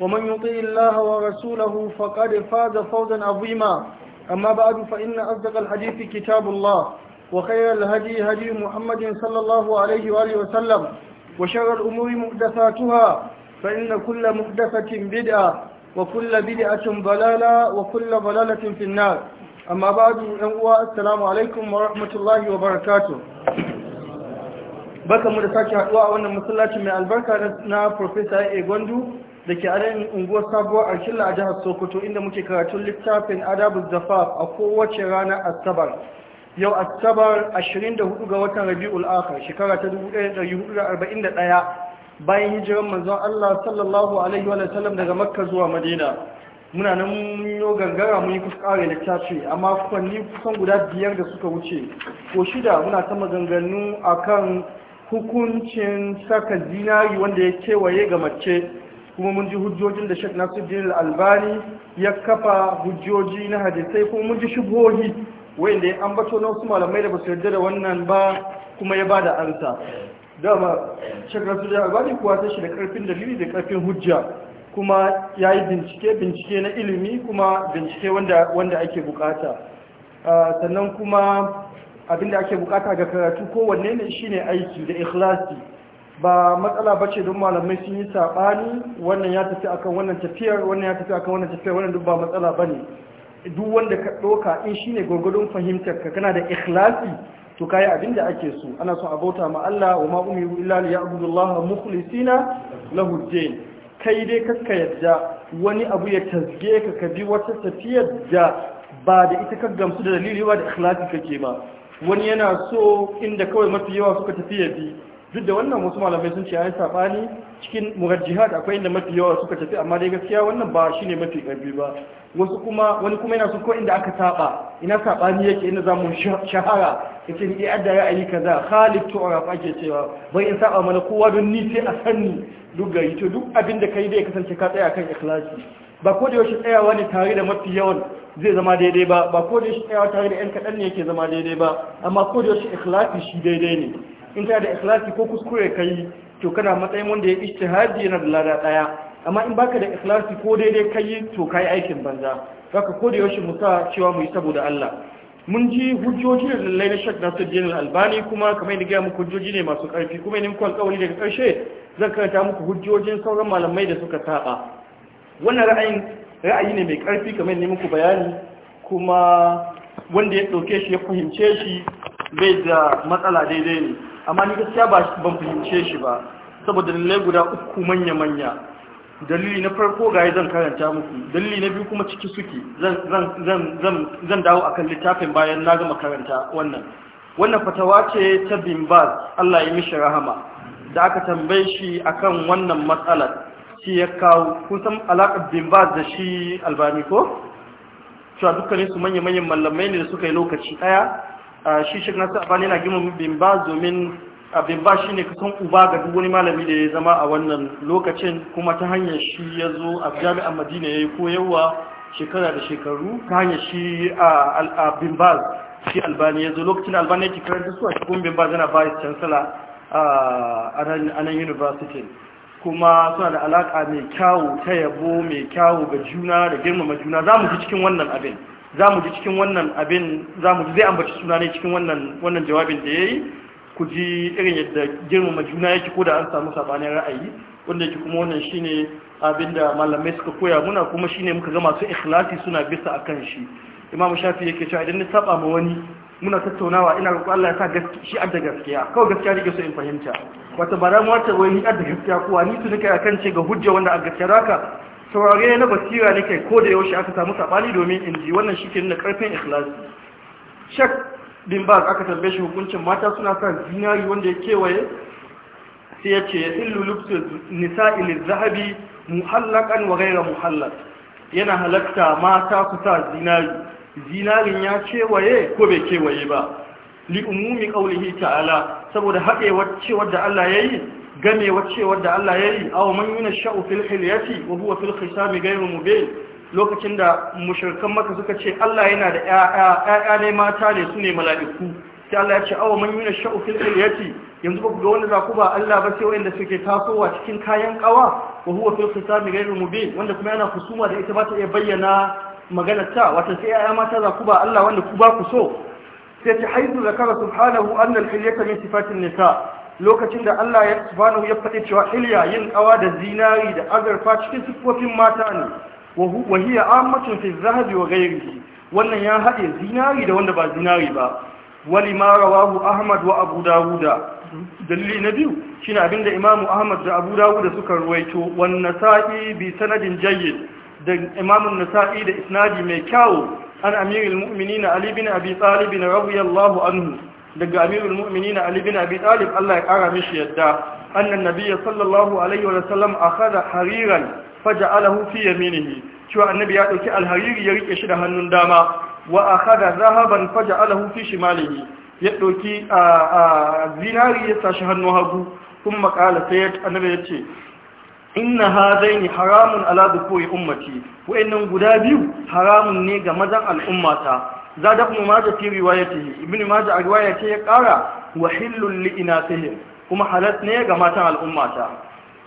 ومن يطع الله ورسوله فقد فاز فوزا عظيما أما بعد فإن أصدق الحديث كتاب الله وخير الهدي هدي محمد صلى الله عليه وآله وسلم وشر الأمور محدثاتها فإن كل محدثة بدعة وكل بدعة ضلالة وكل ضلالة في النار أما بعد السلام عليكم ورحمة الله وبركاته baka mu da sake haduwa a wannan masallacin mai albarka na Professor A. Gwandu da ke arayin unguwar sabuwar arkilla a jihar sokoto inda muke karatun littafin adabu zafaf a kowace ranar asabar yau asabar 24 ga watan rabi'ul akhir shekara ta 1441 bayan hijiran manzon Allah sallallahu alaihi wa sallam daga makka zuwa madina muna nan mun gangara mun yi kare littafi amma kwanni kusan guda biyar da suka wuce ko shida muna ta maganganu kan hukuncin saka zinari wanda ya kewaye ga mace kuma mun ji hujjojin da Sheikh Nasiruddin Jin albani ya kafa hujjoji na hadisai kuma mun ji shubhohi wanda ya ambato na wasu malamai da basu su yarda da wannan ba kuma ya bada ansa dama Sheikh Nasiruddin Jin albani kuwa sai shi da karfin dalili da karfin hujja kuma ya yi bincike bincike na ilimi kuma bincike wanda wanda ake bukata sannan kuma abinda ake bukata ga karatu kowanne ne shine aiki da ikhlasi ba matsala ba ce don malamai sun yi saɓani wannan ya tafi akan wannan tafiyar wannan ya tafi akan wannan tafiyar wannan duk ba matsala ba ne duk wanda ka ɗoka in shi ne gwagwadon fahimtar ka kana da ikhlasi to yi abin da ake so ana so a bauta ma Allah wa ma umiru illa li ya'budu Allah mukhlisina lahu din kai dai kaka yadda wani abu ya tasge ka ka bi wata tafiyar da ba da ita ka gamsu da dalili ba da ikhlasi kake ba wani yana so inda kawai mafi yawa suka tafi ya bi duk da wannan wasu malamai sun ce ya yi saɓani cikin murajjihad akwai inda mafi yawa suka tafi amma dai gaskiya wannan ba shi ne mafi ƙarfi ba wasu kuma wani kuma yana sun ko inda aka saɓa ina saɓani yake ina za mu shahara ya ce ni iya ya yi kaza khalid rafa ake cewa bai in saɓa mana kowa don ni sai a sanni duk gari to duk abin da ka yi ya kasance ka tsaya kan ikhlasi ba ko da yaushe tsayawa ne tare da mafi yawan zai zama daidai ba ba ko da yaushe tsayawa tare da yan kaɗan ne yake zama daidai ba amma ko da yaushe ikhlasi shi daidai ne in kana da ikhlasi ko kuskure kai to kana matsayin wanda ya ijtihadi na da lada daya amma in baka da ikhlasi ko daidai kai to kai aikin banza saka ko da yaushe musa cewa mu yi saboda Allah mun ji hujjoji da lallai na shak su jinin Albani kuma kamar yadda gaya muku hujjoji ne masu karfi kuma ne muku alƙawari daga karshe zan karanta muku hujjojin sauran malamai da suka saba wannan ra'ayin ra'ayi ne mai karfi kamar yadda muku bayani kuma wanda ya ɗauke shi ya fahimce shi bai da matsala daidai ne amma ni gaskiya ba ban fahimce shi ba saboda dalilai guda uku manya-manya dalili na farko ga zan karanta muku dalili na biyu kuma ciki suke zan dawo akan littafin bayan na gama karanta wannan wannan fatawa ce ta bimbaz Allah ya mishi rahama da aka tambaye shi akan wannan matsalar shi ya kawo kusan alaƙar bimbaz da shi albani ko cewa dukkanin su manya-manyan mallamai ne da suka yi lokaci ɗaya shi shi na sa sabani na gimu bin ba domin abin ba shi ne kusan uba ga duk wani malami da ya zama a wannan lokacin kuma ta hanyar shi ya zo a jami'an madina ya yi koyarwa shekara da shekaru ta hanyar shi a bin ba shi albani ya zo lokacin albani ya da su a cikin bin ba zana bayan chancellor a nan university kuma suna da alaka mai kyawu ta yabo mai kyawu ga juna da girmama juna za mu fi cikin wannan abin za mu ji cikin wannan abin za mu ji zai ambaci suna ne cikin wannan jawabin da ya yi ku ji irin yadda girmama juna yake ko da an samu sabanin ra'ayi wanda yake kuma wannan shine abin da malamai suka koya muna kuma shine muka ga masu ikhlasi suna bisa akan shi imam shafi yake cewa idan ni saba ma wani muna tattaunawa ina roƙon Allah ya sa gaskiya shi adda gaskiya kawai gaskiya nake so in fahimta wata ba da mu wata wai adda gaskiya kuwa ni tuni kai akan ce ga hujja wanda a gaskiya haka saurare na basira ne kai ko da yaushe aka samu sabani domin in ji wannan shike nuna karfin ikhlasi shek ɗin ba aka tambaye shi hukuncin mata suna sa zinari wanda ya kewaye sai ya ce illu lubsu nisa'i lizahabi muhallakan wa ghayra muhallaq yana halakta mata ku sa zinari zinarin ya kewaye ko bai kewaye ba li umumi kaulihi ta'ala saboda haɗewar cewar da Allah ya yi. game wacce da Allah ya yi awa man na sha'u ya hilyati wa filhil sami gairu mu be lokacin da mushrikan maka suka ce Allah yana da ‘ya’ya ne mata ne su ne mala'iku sai Allah ya ce awa man na sha'u ya hilyati yanzu ba ku ga wanda za ku ba Allah ba sai wanda suke tasowa cikin kayan kawa wa filhil sami gairu mu be wanda kuma yana kusuma da ita ba ta iya bayyana maganar ta wata sai ‘ya’ya mata za ku ba Allah wanda ku ba ku so sai ta haizu zakara subhanahu annal hilyata min sifatin nisa lokacin da Allah ya subhanahu ya faɗi cewa iliya yin ƙawa da zinari da azurfa cikin siffofin mata ne wa hiya ammatun fi zahabi wa ghairihi wannan ya haɗe zinari da wanda ba zinari ba Wani ma rawahu ahmad wa abu dawuda dalili na biyu shine abinda imamu ahmad da abu dawuda suka ruwaito wannan sa'i bi sanadin jayyid da nasa'i da isnadi mai kyau an amirul mu'minin ali bin abi talib radiyallahu anhu daga amirul mu'minina ali bin abi talib Allah ya kara mishi yadda annan nabiyyi sallallahu alaihi wa sallam akhadha hariran faja'alahu fi yaminihi cewa annabi ya dauki alhariri ya rike shi da hannun dama wa akhadha zahaban faja'alahu fi shimalihi ya dauki zinari ya sashi hannu hagu kuma kala sai annabi ya ce inna hadaini haramun ala dukuri ummati innan guda biyu haramun ne ga mazan al'ummata Za zada ibn majah fi riwayatihi ibn majah a riwaya ce ya kara wa hillul li inatihim kuma halas ne ga matan al'ummata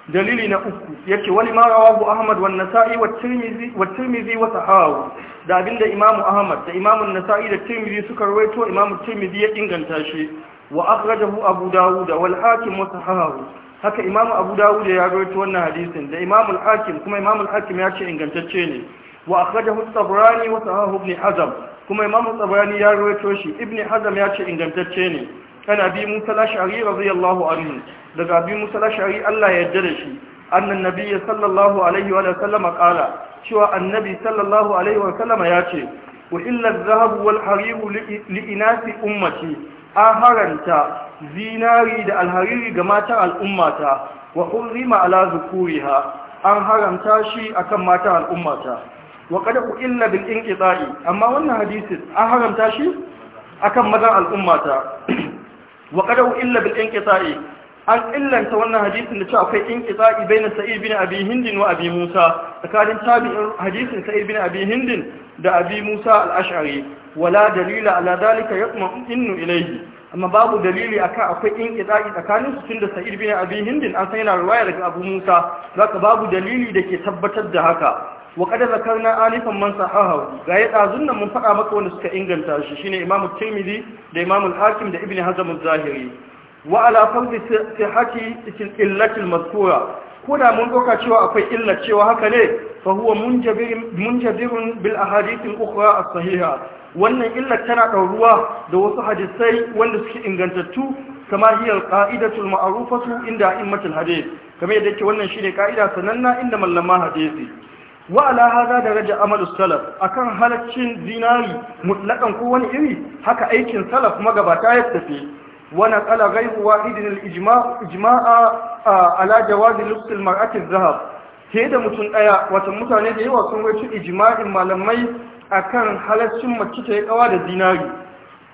dalili na uku yace wani ma rawahu ahmad wa nasa'i wa Tirmizi wa tirmidhi wa da abinda Imam'u ahmad da imam nasai da Tirmizi suka rawaito Imam'u Tirmizi ya inganta shi wa akhrajahu abu dawud wal hakim wa sahahu haka Imam'u abu dawud ya rawaito wannan hadisin da Imam'u al hakim kuma Imam'u al hakim ya ce ingantacce ne wa akhrajahu at-tabrani wa sahahu ibn hazm kuma imam tsabani ya rawaito shi ibn hazam ya ce ingantacce ne kana bi musa la ashari radiyallahu anhu daga bi musa al Allah ya yarda da shi annan nabiyyi sallallahu alaihi wa sallama qala cewa annabi sallallahu alaihi wa sallama ya ce wa illa adh-dhahab wal harir li inasi ummati aharanta zinari da alhariri ga matan al'ummata wa hurrima ala zukuriha an haramta shi akan matan al'ummata wa kada ku illa bil inqita'i amma wannan hadisi an haramta shi akan mazan al'ummata wa kada ku illa bil inqita'i an illanta wannan hadisin da ce akwai bai na sa'id bin abi hind wa abi musa tsakanin tabi'in hadisin sa'id bin abi hind da abi musa al-ash'ari wala dalila ala dalika ya kuma innu ilaihi. amma babu dalili akan akwai in kida'i tsakanin su tunda Sa'id bin Abi Hind an san yana ruwaya daga Abu Musa zaka babu dalili da ke tabbatar da haka wa kada zakarna alifan man sahahu ga ya dazun nan mun faɗa maka wanda suka inganta shi shine imamu tirmidhi da imamu hakim da ibn hazm az-zahiri wa ala fawdi sihhati illati al-mazkura ko da mun doka cewa akwai illa cewa haka ne fa huwa munjabirun bil ahadith al-ukhra as-sahiha wannan illa tana ɗauruwa da wasu hadisai wanda suke ingantattu kama hiyar ƙa'idatul ma'arufatu inda a'immatul hadith kamar yadda yake wannan shine ƙa'ida sananna inda mallama hadisi wa ala hada daraja amalu salaf akan halaccin zinari mutlakan ko wani iri haka aikin salaf magabata ya tafi wa kala ghayru wahidin al-ijma' ijma'a ala jawaz lubs al-mar'ati sai da mutum daya wato mutane da yawa sun rawaito ijma'in malamai akan halaccin mace ta yi kawa da zinari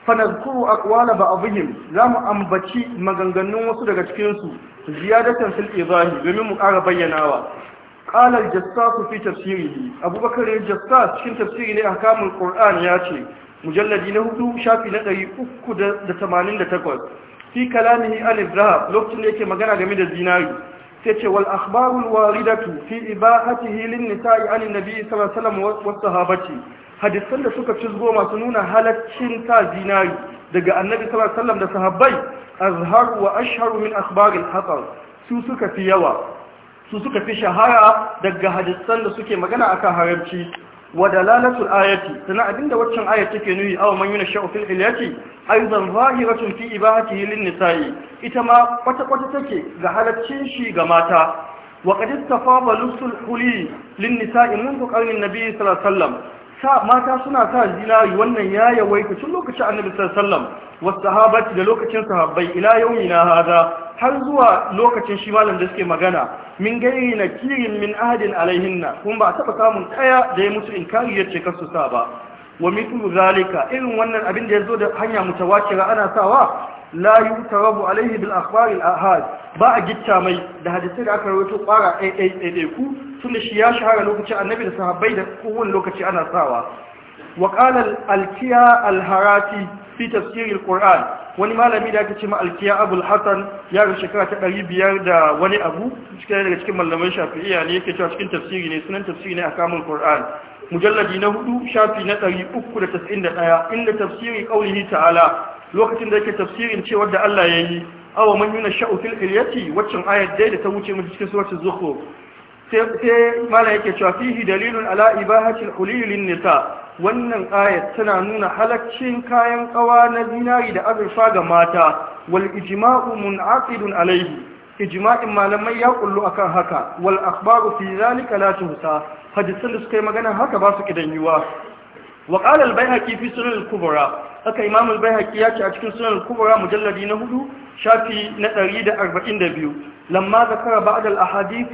a aqwala ba'dihim mu ambaci maganganun wasu daga cikin su ziyadatan fil idahi domin mu ƙara bayyanawa ƙalar jassasu fi tafsiri abubakar jassas cikin tafsiri ne a kamun ƙor'an ya ce mujalladi na hudu shafi na ɗari uku da tamanin da takwas fi kalamihi alif zahab lokacin da yake magana game da zinari sai ce wal akhbarul waridatu fi ibahatihi lin nisa'i an nabi sallallahu alaihi hadisan da suka fi cizgo masu nuna halaccin ta zinari daga annabi sallallahu da sahabbai azhar wa ashhar hatsar, su suka fi yawa su suka fi shahara daga hadisan da suke magana akan haramci wa dalalatul ayati sana abinda waccan ayat take nuni aw man yunashu fil ilyati aidan zahiratun fi ibahatihi lin nisa'i ita ma kwata kwata take ga halaccin shi ga mata wa qad istafa balusul huli lin nisa'i منذ قرن النبي صلى sa mata suna sa zinari wannan ya yawaita tun lokacin annabi sallallahu wasu da lokacin sahabbai ila na haza har zuwa lokacin shi malam da suke magana min gairi na kirin min ahadin alaihinna kun ba a taɓa samun ɗaya da ya mutu kari ya ce kasu sa ba wa mitu zalika irin wannan abin da ya zo da hanya mutawakira ana sawa la tarabu alaihi bil akhbar al ahad ba a gitta mai da hadisai da aka rawaito kwara ɗai ɗai ɗai ɗai ku tun shi ya shahara lokacin annabi da sahabbai da kowane lokaci ana sawa wa qala alkiya alharati fi tafsir Qur'an. wani malami da aka ce ma alkiya abul hasan ya ga shekara ta ɗari biyar da wani abu cikin daga cikin mallaman shafi'iyya ne yake cewa cikin tafsiri ne sunan tafsiri ne a kamun qur'an mujalladi na hudu shafi na ɗari uku da da ɗaya inda tafsiri ƙaunihi ta'ala lokacin da yake tafsirin cewa da Allah ya yi awa man yuna sha'u fil ilyati waccan ayat dai da ta wuce mu cikin suratul zukhruf sai mala yake cewa fihi dalilun ala ibahati al lin nisa wannan ayat tana nuna halaccin kayan kawa na zinari da azurfa ga mata wal ijma'u mun'aqidun alayhi ijma'in malamai ya kullu akan haka wal akhbaru fi zalika la tuhsa hadisan da suka yi magana haka ba su kidan yiwa wa البيهقي al سنن fi al haka imam al-baihaqi ya ce a cikin sunan kubura kubra mujalladi na hudu shafi na 142 lamma zakara ba'd al-ahadith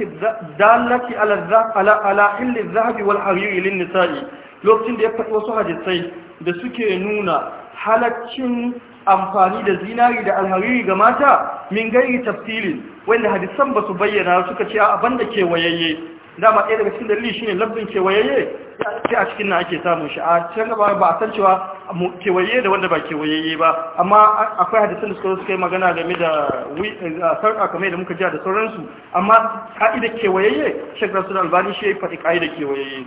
dallati ala ala ala illi adh-dhahab wal hariri lin-nisa'i lokacin da ya faɗi wasu hadisai da suke nuna halaccin amfani da zinari da alhariri ga mata min gairi tafsirin wanda hadisan ba su bayyana suka ce a abin da ke wayayye dama ɗaya daga cikin dalili shine lafzin kewayayye sai a cikin na ake samun shi a can gaba ba a san cewa kewaye da wanda ba kewayayye ba amma akwai hadisan da suka yi magana game da sarƙa kamar da muka ji da sauransu amma ka'idar kewayayye shekara su da albani shi ya yi faɗi ka'idar kewayayye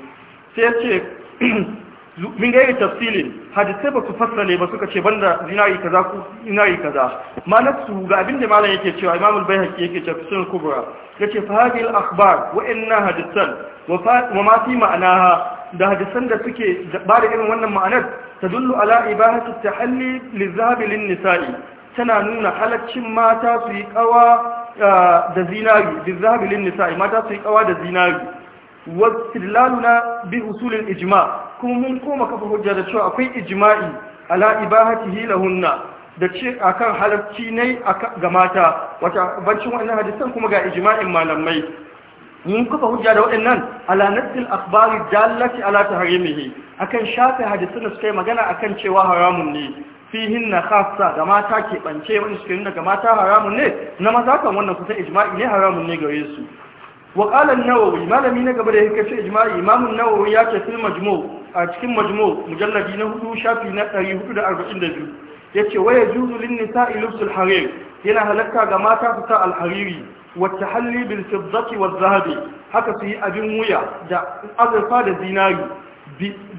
sai ya ce min gairi tafsilin hadisai ba su ne ba suka ce banda zinari kaza ku zinari kaza malam su ga abin da malam yake cewa imamul bayhaqi yake cewa sun kubra ya ce hadhihi al-akhbar wa hadisan wa ma fi ma'anaha da hadisan da suke ba da irin wannan ma'anar tadullu ala ibahati tahalli lizahabi lin-nisa'i tana nuna halaccin mata su yi kawa ah, da zinari lizahabi lin-nisa'i mata su yi kawa da zinari wa istidlaluna bi usulil ijma kuma mun koma kafa hujja da cewa akwai ijma'i ala ibahatihi lahunna da ce akan halarci ne ga mata wata bancin wannan hadisan kuma ga ijma'in malamai mun kafa hujja da waɗannan ala nasil akhbari dallati ala tahrimihi akan shafe hadisan da suka yi magana akan cewa haramun ne fihin na khassa ga mata ke bance wani suke nuna ga mata haramun ne na maza kan wannan kusa ijma'i ne haramun ne gare su wa qala an-nawawi malami na gaba da yake ce ijma'i imam an-nawawi ya ce fil majmu' a cikin majmu' mujalladi na hudu shafi na 442 yace waya juzulin lin nisa'i lubsul harir yana halarta ga mata su sa alhariri wa halli bil fiddati waz zahabi haka su yi abin wuya da azurfa da zinari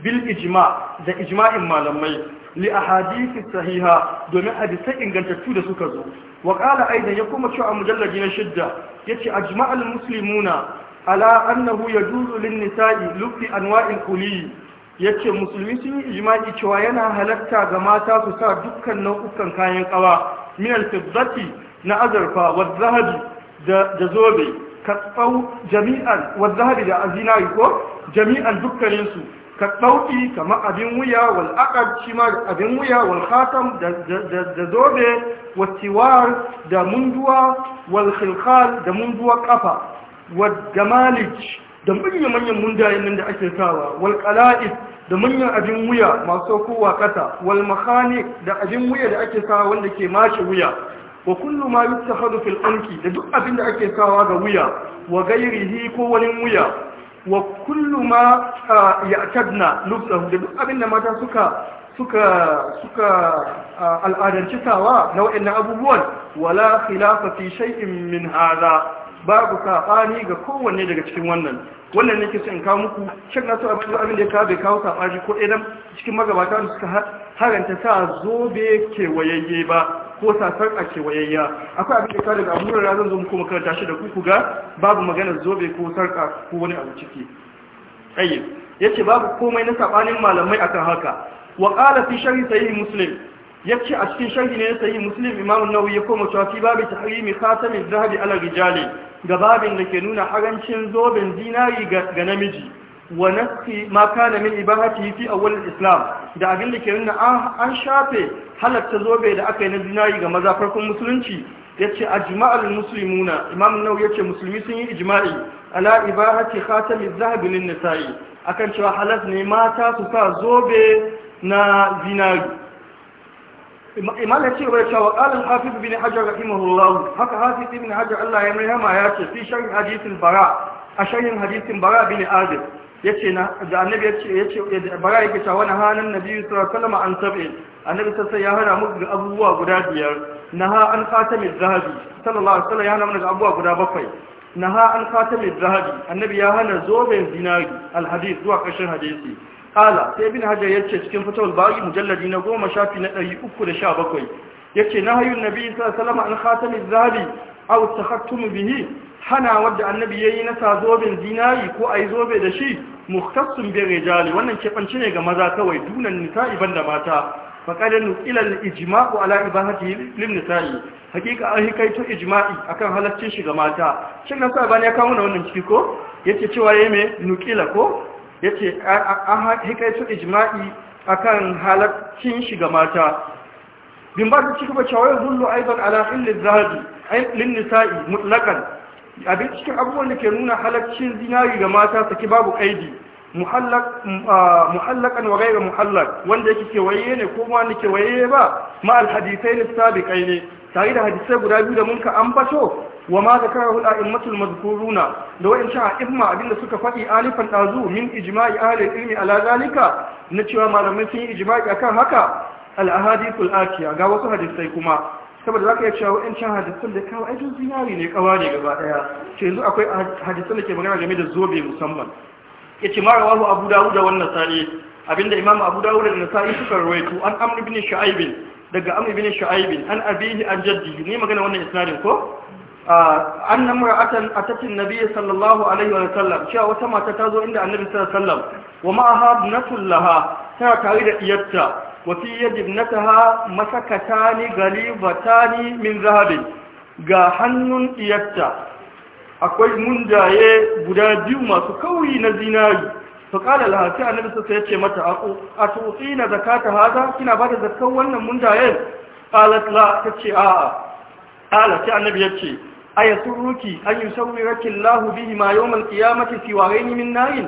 bil ijma da ijma'in malamai li hadisi sahiha domin hadisai ingantattu da suka zo wa qala aidan ya kuma cewa mujalladi na shidda a ajma'al muslimuna ala annahu ya lin nisa'i lubbi anwa'in kuliyi ya ce musulmi sun yi ijimaɗi cewa yana halatta ga mata su sa dukkan nau'ukan kayan kawa minal fiddati na azurfa wa zahabi da zobe ka tsau jami'an wa zahabi da azinari ko jami'an dukkaninsu ka ɗauki kama abin wuya wal aqab shi ma abin wuya wal khatam da zobe wa tiwar da munduwa wal khilkhal da munduwa kafa wa gamalij da manyan manyan mundayen nan da ake sawa wal qala'id da manyan abin wuya masu kowa kasa wal makhani da abin wuya da ake sawa wanda ke mace wuya wa kullu ma yuttakhadhu fil anki da duk abin da ake sawa ga wuya wa ghairihi ko wani wuya wa kullu ma ya'tadna da duk abin da mata suka suka suka al'adanci sawa na wa'annan abubuwan wala khilafa fi shay'in min hadha babu saɓani ga kowanne daga cikin wannan wannan ne ke in kawo muku shan nasu abin abin da ya kawo bai kawo shi ko ɗaya cikin magabata da suka haranta sa zobe kewayayye ba ko sasar a kewayayya akwai abin da ya kawo daga amurar zan zo muku makaranta shi da kuku ga babu magana zobe ko sarka ko wani abu ciki ya ce babu komai na saɓanin malamai akan haka wa ƙala fi shari sayi muslim yace a cikin sharhi ne sai muslim imam nawawi ya koma cewa fi babu tahrimi khatamin zahabi ala rijali ga babin da ke nuna harancin zoben dinari ga namiji wa nafsi ma kana min ibahati fi awwal islam da abin da ke nuna an shafe halatta zobe da aka yi na dinari ga maza farkon musulunci yace ajma'ul muslimuna imam nawawi yace musulmi sun yi ijma'i ala ibahati khatamiz zahab lin nisa'i akan cewa halas ne mata su sa zobe na dinari imam ya ce bai cewa qalan hafiz bin hajar rahimahullah haka hafiz bin hajar Allah ya rahama ya ce fi sharh hadithul bara a sharhin hadithin bara bin azib yace na da annabi yace yace bara yake cewa na hanan nabi sallallahu alaihi wasallam an sab'i annabi sai ya hana mu ga abubuwa guda biyar naha an khatamiz zahabi sallallahu alaihi wasallam ya hana mu ga abubuwa guda bakwai naha an khatamiz zahabi annabi ya hana zoben zinari alhadith zuwa kashin hadisi kala sai bin hajar ya ce cikin fitowar bayi mujalladi na goma shafi na ɗari uku da sha bakwai ya ce na hayun nabi salama an khatamin A aw tahattumu bihi hana wadda annabi ya yi nasa zoben zinari ko ayi zobe da shi muhtassun bere jali wannan kefanci ne ga maza kawai dunan nisa'i da mata faqad nuqila al-ijma'u ala ibahatihi lin nisa'i hakika an hikaito ijima'i akan halarci shi ga mata shin nasa bane ya kawo wannan ciki ko yake cewa ya yi mai nukila ko yace an su ijma'i akan shi ga mata bin ba ta ci gaba cewa yadullu aidan ala hillil zahabi lin nisa'i mutlaqan abin cikin abubuwan da ke nuna halarcin zinari ga mata saki babu kaidi muhallakan mm, wa gaira muhallak wanda yake kewaye ne ko ma ni kewaye ba ma alhadisai ne sabiƙai ne tare da hadisai guda biyu da mun ka ambato wa ma zakarahu al-a'immatul madhkuruna da wayancin abin abinda suka faɗi alifan dazu min ijma'i ahli ilmi ala zalika na cewa malamai sun yi ijma'i akan haka al-ahadithul atiya ga wasu hadisai kuma saboda zaka iya cewa wayancin hadisan da kawai ajin zinari ne kawari gaba daya ce yanzu akwai hadisan da ke magana game da zobe musamman yace ma rawahu abu dawud da wannan sa'i abinda imam abu dawud da nasa'i suka rawaito an amr ibn shu'aib daga amr ibn shu'aib an abihi an jaddi ne magana wannan isnadin ko anna mar'atan atatin nabiyyi sallallahu alaihi wa sallam cewa wata mata ta zo inda annabi sallallahu alaihi wa sallam wa ma'aha ibnatul laha tana tare da iyarta wa fi ni ibnataha masakatani ni min zahabin ga hannun iyarta akwai mundaye guda biyu masu kauri na zinari to kala laha sai annabi sallallahu ya ce mata a tu'ina zakata haza, kina bada zakkan wannan mundayen qalat la tace a'a qala sai annabi ya ce ayasuruki an yusawwiraki Lahu bihi ma yawmal qiyamati fi waraini min narin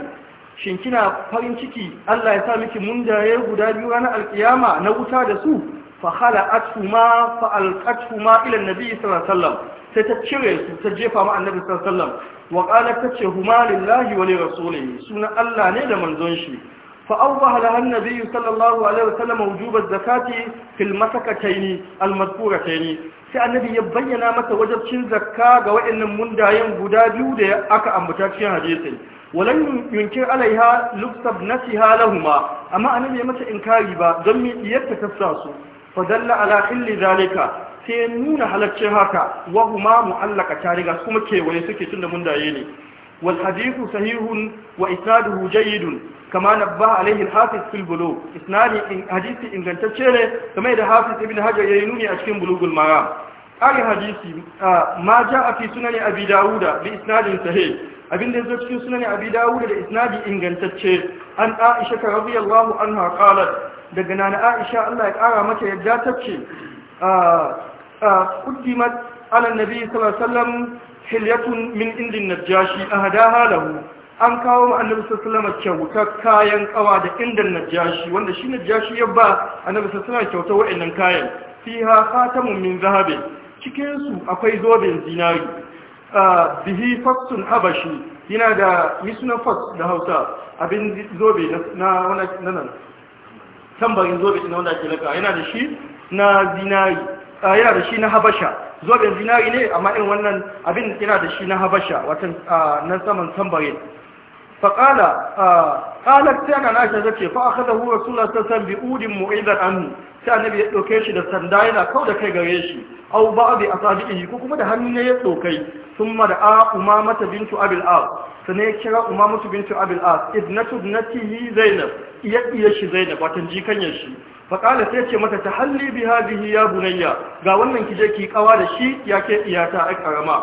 shin kina farin ciki Allah ya sa miki mundaye guda biyu ranar alkiyama na wuta da su fa khala'atuhuma fa alqatuhuma ila annabi sallallahu alaihi wasallam sai ta cire su ta jefa ma annabi sallallahu alaihi wasallam wa qalat tace huma lillahi wa li rasulihi suna Allah ne da manzon shi فأوضح لها النبي صلى الله عليه وسلم وجوب الزكاة في المسكتين المذكورتين sai annabi ya bayyana masa wajabcin zakka ga waɗannan mundayen guda biyu da aka ambata cikin hadisi walan yunkir alaiha lubsab nasiha lahuma amma annabi ya mata inkari ba don me diyarta tafsa su fa dalla ala illi zalika sai nuna halaccin haka Wahuma huma mu'allaka tariga kuma kewaye suke tunda mundaye ne والحديث صحيح وإسناده جيد كما نبه عليه الحافظ في البلوغ إسناد حديث إن كانت تشيره كما إذا حافظ ابن حجر ينوني أشكين بلوغ المرام أي حديث ما جاء في سنن أبي داود بإسناد صحيح abin da ya cikin sunan abi dawud da isnadi ingantacce an aisha ta radiyallahu anha qalat daga nana aisha Allah ya kara mata yadda tace a a quddimat ala nabi sallallahu alaihi hilyatun min indin najashi ahada lahu an kawo ma annabi sallallahu alaihi kayan kawa da indin najashi wanda shi najashi ya ba annabi sallallahu alaihi wa'annan kayan fiha khatamun min zahabi cikin su akwai zoben zinari bihi fasun habashi yana da misuna da hausa abin zobe na wannan nan tambarin zobe na wanda ake laka yana da shi na zinari Ah, yana da shi na habasha zoben zinari ne amma in wannan abin yana da shi na habasha watan ah, na saman tambarin faƙala ah, ƙalar ta yana nashi ta ce fa aka da huwa sula ta san bi udin mu’idan annu sai annabi ya ɗauke shi da sanda yana kau da kai gare shi au ba abi a sadiƙin ko kuma da hannu ne ya ɗaukai sun ma da a umamata bintu abil as sannan ya kira umamatu bintu abil as idnatu ibnatihi zainab iya iya shi zainab watan jikanyar shi faƙala sai ce mata ta halli bi hadihi ya bunayya ga wannan kije ki kawa da shi ya ke iyata a karama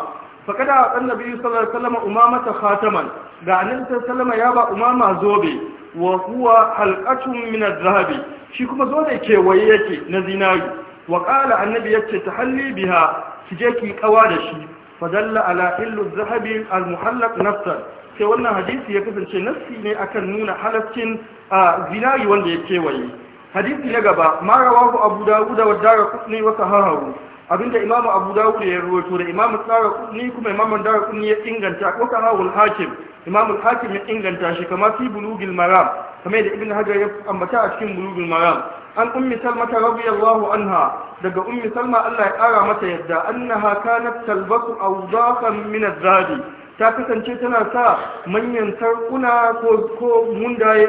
faƙada a ɗan nabi sallallahu alaihi wasallam umama ta khataman ga annabi sallallahu alaihi ya ba umama zobe wa huwa halqatun min zahabi shi kuma zobe kewaye yake na zinari wa qala annabi yace ta halli biha kije ki kawa da shi fadalla ala illu adh-dhahabi al muhallaq nafsan sai wannan hadisi ya kasance nassi ne akan nuna halaccin zinari wanda ya kewaye hadisi na gaba mara wahu abu dawud wa dara kutni wa sahahu abinda imam abu dawud ya rawaito da imam tsara kutni kuma imam dara kutni ya inganta ko sahahu al-hakim imam al-hakim ya inganta shi kama fi bulugil maram kamar da ibn hajar ya ambata a cikin bulugul maram an ummi salma ta radiyallahu anha daga ummi salma Allah ya kara mata yadda annaha kanat talbasu awdaqan min az-zadi ta kasance tana sa manyan sarkuna ko ko mundaye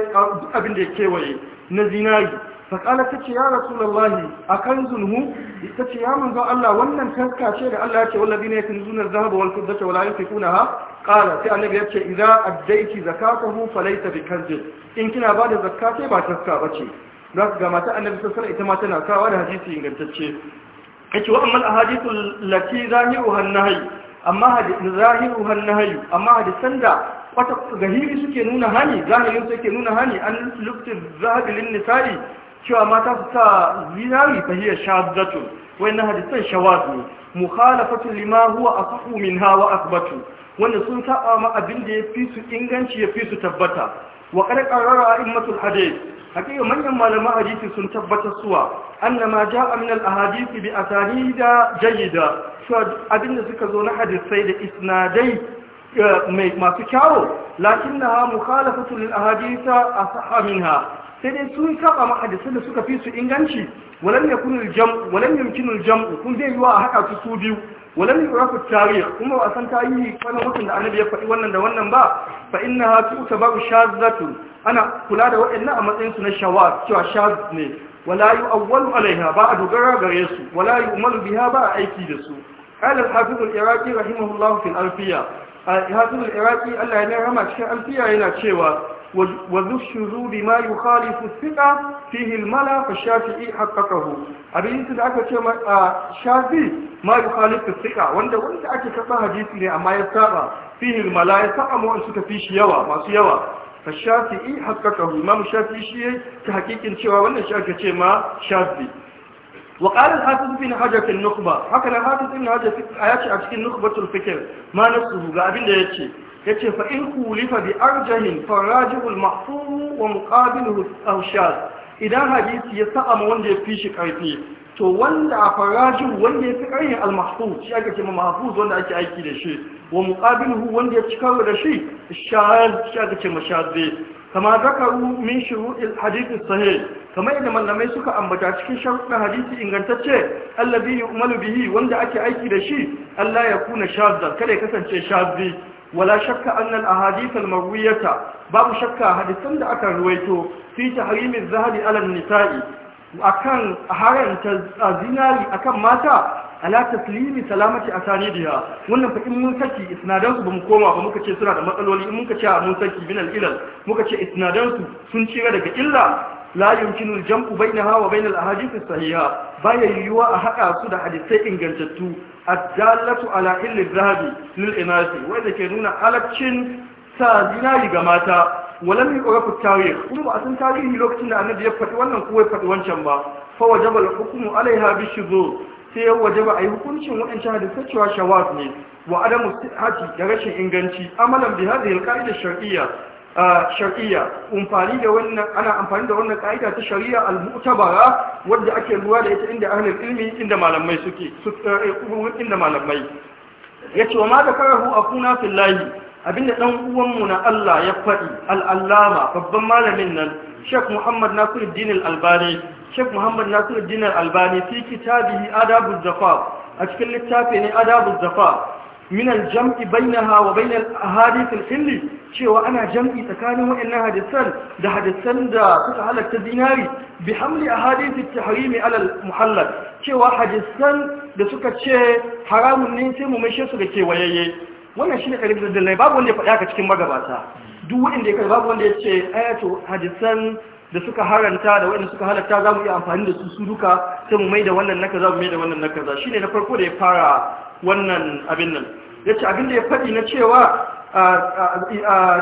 abin da ya kewaye na zinari faƙala ta ce ya rasulallahi a kan zulmu ta ce ya manzo Allah wannan taska ce da Allah ya ce wallazi ne yakin zunar zahaba wal fiddata wala yunfiqunaha qala sai annabi ya ce idza addaiti zakatahu falaysa bi kanzin in kina bada zakka sai ba taska bace za ga mata annabi sallallahu alaihi ita ma tana kawa da hadisi ingantacce yace wa amma ahadithu lati zahiruha an-nahy amma hadithu zahiruha an-nahy amma hadisan da wata gahiri suke nuna hani zahirin suke nuna hani an luktu zahabi lin nisa'i cewa mata su sa zinari fa hiya wai na hadisan shawadu mukhalafatu lima huwa asahu minha hawa akbatu wanda sun saba ma abin da yafi su inganci yafi su tabbata wa qad qarrara a'immatul hadith hakika manyan malaman hadisi sun tabbatar suwa annama ja'a min al ahadith bi asanida jayyida cewa abin da suka zo na hadisai da isnadai eh, mai masu kyawo lakinnaha mukhalafatu lil ahadith asaha minha sai dai sun saba ma hadisin da suka fi su inganci walam kinin jam walam yumkinul jam kun zai a haka su su biyu walam yurafu tarih kuma ba san tarihi wannan hukun da annabi ya faɗi wannan da wannan ba fa innaha tutabu shazatu ana kula da waɗannan a matsayin su na shawar cewa shaz ne wala yu'awwalu alaiha ba a dogara gare su wala yu'malu biha ba a aiki da su قال الحافظ العراقي iraqi الله في a hazin iraki allah ya rama cikin alfiya yana cewa wazu shuru bi ma yi khalifu fiƙa fihi mala fa haƙaƙahu abin da aka ce a shafi ma yi khalifu fiƙa wanda wanda ake karɓar hadisi ne amma ya saba fi mala ya saba mu suka fi shi yawa masu yawa fa shafi'i haƙaƙahu imam shafi shi ta hakikin cewa wannan shi aka ce ma shafi وقال الحافظ بن حجر في النخبة هكذا الحافظ بن حجر في آيات أشكال نخبة الفكر ما نفسه قابل يتشي يتشي فإن كولف بأرجه فراجه المحفوظ ومقابله الأوشاد إذا حديث يسأم وانجي في شكايته to wanda a farajin wanda ya fi ƙarni al-mahfuz shi aka ce mahfuz wanda ake aiki da shi wa muqabiluhu wanda ya cika da shi shahad shi aka ce kama min shuru'il hadith sahih kamar yadda malamai suka ambata cikin sharuɗa hadisi ingantacce allazi yu'malu bihi wanda ake aiki da shi Allah ya kuna shadda kada ya kasance shadi wala shakka a ahadith maruyata. babu shakka hadisan da aka ruwaito fi tahrimiz zahari ala nisa'i akan haranta zinari akan mata ala taslimi salamati asanidiha wannan fa in mun saki isnadan su bamu koma ba muka ce suna da matsaloli in muka ce mun saki min al muka ce isnadan sun cire daga illa la yumkinu al-jam'u bainaha wa bainal ahadith as-sahiha baya yiwuwa a haɗa su da hadisai ingantattu ad-dallatu ala illi dhahabi lil inasi wanda ke nuna halaccin sa zinari ga mata walam yuqrafu tawih kuma ba san tarihi lokacin da annabi ya faɗi wannan ko ya faɗi wancan ba fa wajaba al-hukmu alaiha bishuzur sai ya wajaba ayi hukuncin waɗancan hadisai cewa shawaz ne wa adamu sihhati da rashin inganci amalan bi hadhihi al-qa'ida shar'iyya shari'a amfani da wannan ana amfani da wannan ka'ida ta shari'a al-mu'tabara wanda ake ruwa da ita inda ahlul ilmi inda malamai suke eh, inda malamai yace wa ma zakarahu akuna fillahi abinda dan uwan mu na Allah ya faɗi al-allama babban malamin nan Sheikh Muhammad Nasiruddin al-Albani Sheikh Muhammad Nasiruddin al-Albani fi kitabihi Adabuz Zafaf a cikin littafi ne Adabuz Zafaf min jam'i bainaha wa bainal ahadith al cewa ana jam'i tsakanin wayannan hadisan da hadisan da suka halatta zinari bi hamli ahadith at-tahrim ala al cewa hadisan da suka ce haramun ne sai mu maishe su da kewayaye wannan shine karibin da babu wanda ya faɗa ka cikin magabata duk wanda ya karba wanda ya ce ayato hadisan da suka haranta da waɗanda suka halatta za mu iya amfani da su su duka sai mu mai da wannan na kaza mu mai da wannan na kaza ne na farko da ya fara wannan abin nan yace abin da ya faɗi na cewa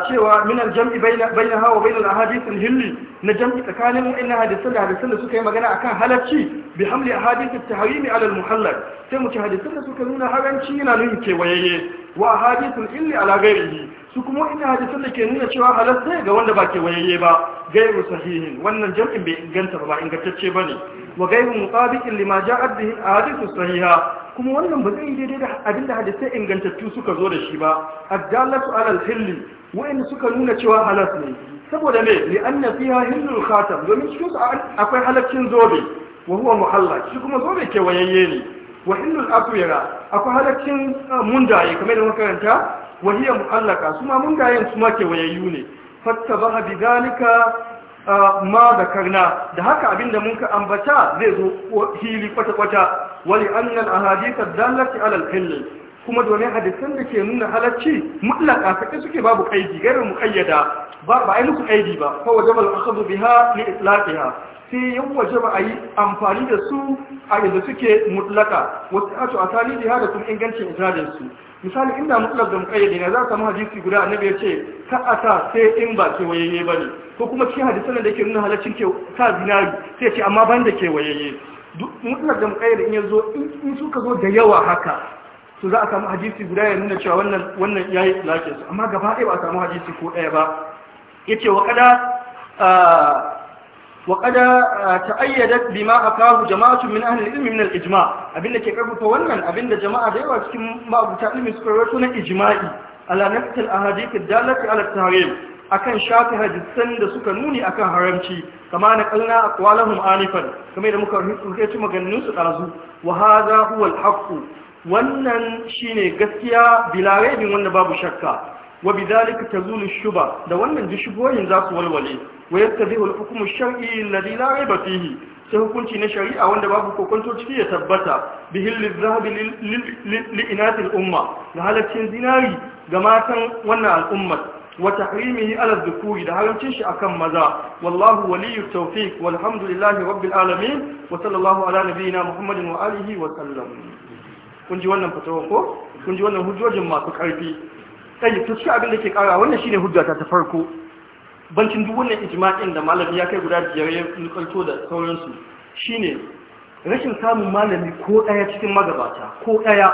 cewa minar jam'i bai na hawa bai na hadisun hilli na jam'i tsakanin wa'in hadisun da hadisun da suka yi magana akan halarci bi hamli a hadisun ta harimi alal muhallar sai mu ce hadisun da suka nuna haranci yana nuni kewayayye wa hadithul illi ala ghairihi su kuma ina hadisan da ke nuna cewa halas ne ga wanda ba ke wayayye ba gairu sahihin wannan jam'in bai inganta ba ba ingantacce bane wa gairu mutabiqin lima ja'at bihi ahadithu sahiha kuma wannan ba zai daidai da abinda hadisai ingantattu suka zo da shi ba addalatu ala al-hilli wa'in suka nuna cewa halas ne saboda me li anna fiha hillul khatam domin cikin su akwai halaccin zobe wa huwa muhallal shi kuma zobe ke wayayye ne wa hillul afira akwai halaccin mundaye kamar da makaranta wahiyar hiya mu'allaka su ma mundayen su ma wayayyu ne Fatta fattabaha bidalika ma da karna. da haka abinda mun ka ambata zai zo hili kwata kwata wali annal ahadith dallati ala al-hill kuma domin hadisan da ke nuna halacci mutlaka kake suke babu kaidi gairin kayyada ba ba ai musu kaidi ba fa wajaba al biha li itlaqiha sai yan waje ba a yi amfani da su a yadda suke mutlaka wasu su a tani da da kuma ingancin ijadin su misali inda mutlaka da muƙayyade na za a samu hadisi guda annabi ya ce ta a ta sai in ba ke kewayayye ba ne ko kuma cikin hadisan da ke nuna halaccin ta zinari sai ce amma ban da ke kewayayye mutlaka da muƙayyade in ya zo in suka zo da yawa haka su za a samu hadisi guda ya nuna cewa wannan wannan yi lafiyarsu, amma gaba ɗaya ba a samu hadisi ko ɗaya ba yace wa kada ah, وقد تأيدت بما أكاه جماعة من أهل العلم من الإجماع أبين لك يقرب فولا أبين جماعة ديوة كم ما أبو تعلم يسكرون إجماعي على نفس الأحاديث الدالة على التحريم akan shafi hadisan da suka nuna akan haramci kama na kalna aqwalahum anifan kamar da muka rubuta maganganun su dazu wa hadha huwa al wannan shine gaskiya bila wanda babu shakka wa bidhalika tazulu shuba da wannan dushuboyin za su walwale wa yattabi'u al-hukmu ash-shar'i na la rayba fihi sai hukunci na shari'a wanda babu kokonto ciki ya tabbata bi lizahabi li'inati al-umma na halaccin zinari ga matan wannan al'ummar wa tahrimihi ala dhukuri da haramcin shi akan maza wallahu waliyyu tawfiq walhamdulillahi rabbil alamin wa sallallahu ala nabiyyina muhammadin wa alihi wa sallam kun ji wannan fatawa ko kun ji wannan hujjojin masu karfi sai to shi abin da ke kara wannan shine hujjata ta farko bancin duk wannan ijma'in da malami ya kai guda biyar ya nukalto da sauransu shine rashin samun malami ko daya cikin magabata ko daya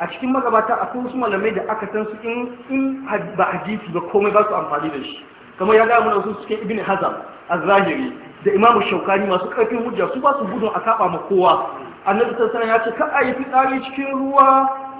a cikin magabata akwai wasu malamai da aka san su in in ba hadisi ba komai ba su amfani da shi kamar ya ga mana wasu cikin ibn hazam az-zahiri da imamu shaukani masu karfin hujja su ba su gudun a kaba ma kowa annabi sallallahu alaihi wasallam ya ce ka ayi fitsari cikin ruwa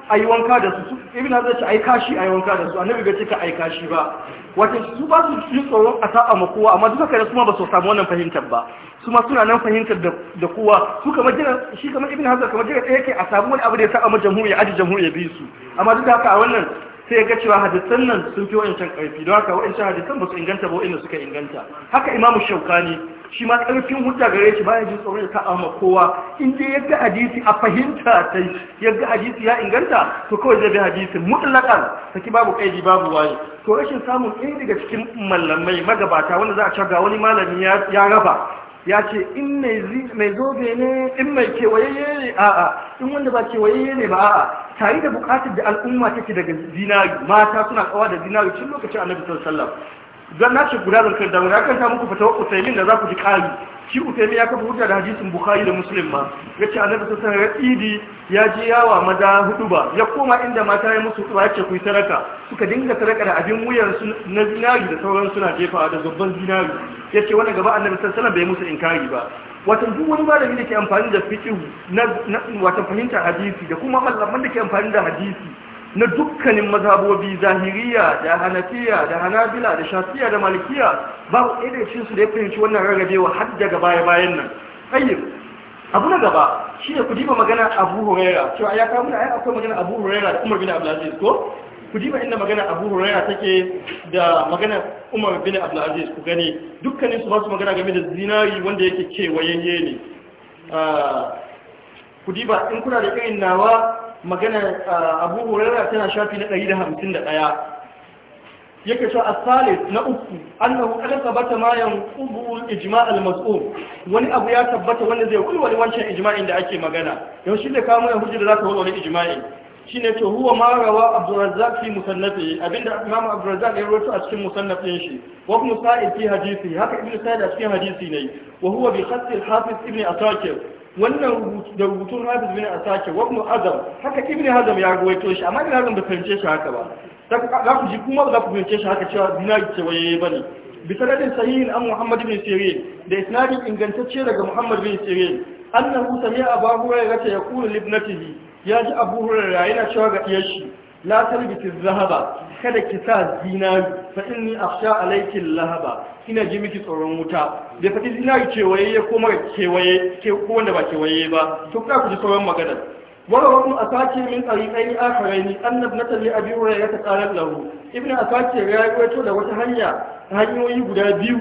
a yi wanka da su ibn hazar ce ai kashi a yi wanka da su annabi bai cika ai kashi ba wata su ba su ji tsoron a saba ma kowa amma duka kare su ma ba su samu wannan fahimtar ba su ma suna nan fahimtar da kowa su kamar jira shi kamar ibn hazar kamar jira ɗaya yake a samu wani abu da ya saba ma jamhuriya aji jamhuriya biyu su amma duk haka a wannan sai ga cewa hadisan nan sun fi wa'ancan ƙarfi don haka wa'ancan hadisan ba su inganta ba wa'anda suka inganta haka imamu shaukani shi ma ƙarfin hujja gare shi baya jin tsoron ta amma kowa in dai ya ga hadisi a fahimta ta ya ga hadisi ya inganta to kawai zai bi hadisi mutlaka saki babu ƙaidi babu waye to rashin samun ɗaya daga cikin mallamai magabata wanda za a caga wani malami ya raba ya ce in mai zobe ne in mai kewayayye ne a'a in wanda ba kewayayye ne ba a'a tare da bukatar da al'umma take daga zinari mata suna tsawa da zinari tun lokacin annabi sallallahu alaihi wasallam zan nace guda zan kai da na kan samu ku fata Usaimin da za ku ji kari shi Usaimin ya kafa hujja da hadisin Bukhari da Muslim ma yace Annabi sallallahu alaihi wasallam idi ya je yawa maza huduba ya koma inda mata ya musu huduba yace ku yi sadaka suka dinga sadaka da abin wuyan su na zinari da sauran suna jefa da gabban zinari yace wannan gaba Annabi sallallahu alaihi wasallam bai musu inkari ba wato duk wani malami da ke amfani da fiqh na wata fahimtar hadisi da kuma malaman da ke amfani da hadisi na dukkanin mazhabobi zahiriya da hanafiya da hanabila da shafiya da malikiya babu irin su da ya fahimci wannan rarrabewa har daga baya-bayan nan tsayin abu na gaba shi ne ku diba magana abu huraira cewa ya kawo mana ai akwai magana abu huraira da umar bin abdulaziz ko ku diba inda magana abu huraira take da magana umar bin abdulaziz ku gani dukkanin su ba su magana game da zinari wanda yake kewayayye ne ah, ku diba in kuna da irin nawa magana abu hurara tana shafi na 151 yake cewa as-salis na uku annahu qad thabata ma yanqubu al-ijma' al-mas'ul wani abu ya tabbata wanda zai wani wancan ijma'in da ake magana yau shi da ka mana hujja da zaka wani ijma'in shine to huwa ma rawa Abdurrazzaq fi musannafi abinda Imam Abdurrazzaq ya rawaito a cikin musannafin shi wa kuma sa'id fi hadisi haka Ibnu Sa'id a cikin hadisi ne wa huwa bi khatt al-Hafiz Ibn Asakir wannan da rubutun hafiz bin asake wa ibn azam haka ibn Azam ya ruwaito shi amma ibn Azam bai fahimce shi haka ba za ku ji kuma za ku fahimce shi haka cewa bina ce waye bane bi sanadin sahihin an muhammad bin sirin da isnadin ingantacce daga muhammad bin sirin annahu sami'a abu hurairah yaqulu li ibnatihi ya ji abu hurairah yana cewa ga iyashi shi la talbiti zahaba kada ki sa zinari fa inni akhsha alayki lahaba ina ji miki tsoron wuta da fadi zinari kewaye ko mara ke ko wanda ba waye ba to ka ku ji tsoron magana وروى أساكي من طريقين آخرين أن ابنة لأبي هريرة قالت ya yi wato da wata hanya hanyoyi guda biyu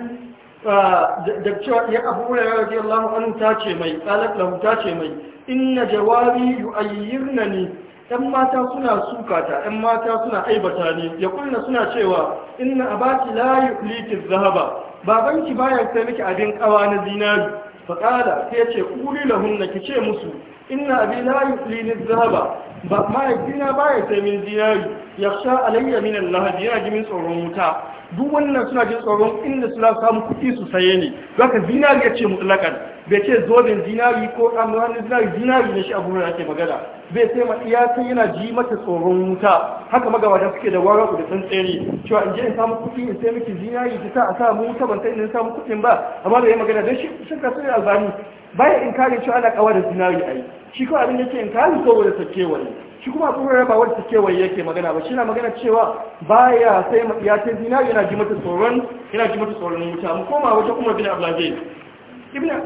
da cewa ya abu hurairar radiyallahu anhu ta ce mai qalat lahu ta ce mai inna jawabi yu'ayyirnani ‘yan mata suna suka ta ‘yan mata suna aibata ne ya kunna suna cewa inna abaki la yuliki zahaba babanki baya sai miki abin kawa na zinari fa qala sai ce kuli lahunna ki ce musu inna abi la yuliki zahaba ba mahaifina baya sai min zinari yakhsha alayya min Allah ya ji min tsoron wuta duk wannan suna jin tsoron inda suna samu kuɗi su saye ne zaka zinari ya ce mutlaqan bai ce zobin zinari ko ɗan zinari zinari na shi abu da ake magana bai sai ma sai yana ji mata tsoron wuta haka magabata suke da wara ku da tsere cewa in je in samu kuɗi in sai miki zinari ki sa a sa wuta ban sai in samu kuɗin ba amma da ya magana don shi sun kasu da albani baya in kare cewa ana kawa da zinari a yi shi kawai abin da ke in kare saboda sake wani shi kuma tsoron raba wadda ya yake magana ba shi na magana cewa baya sai ya ce zinari yana ji mata tsoron yana ji mata tsoron wuta mu koma wajen kuma bin ablaje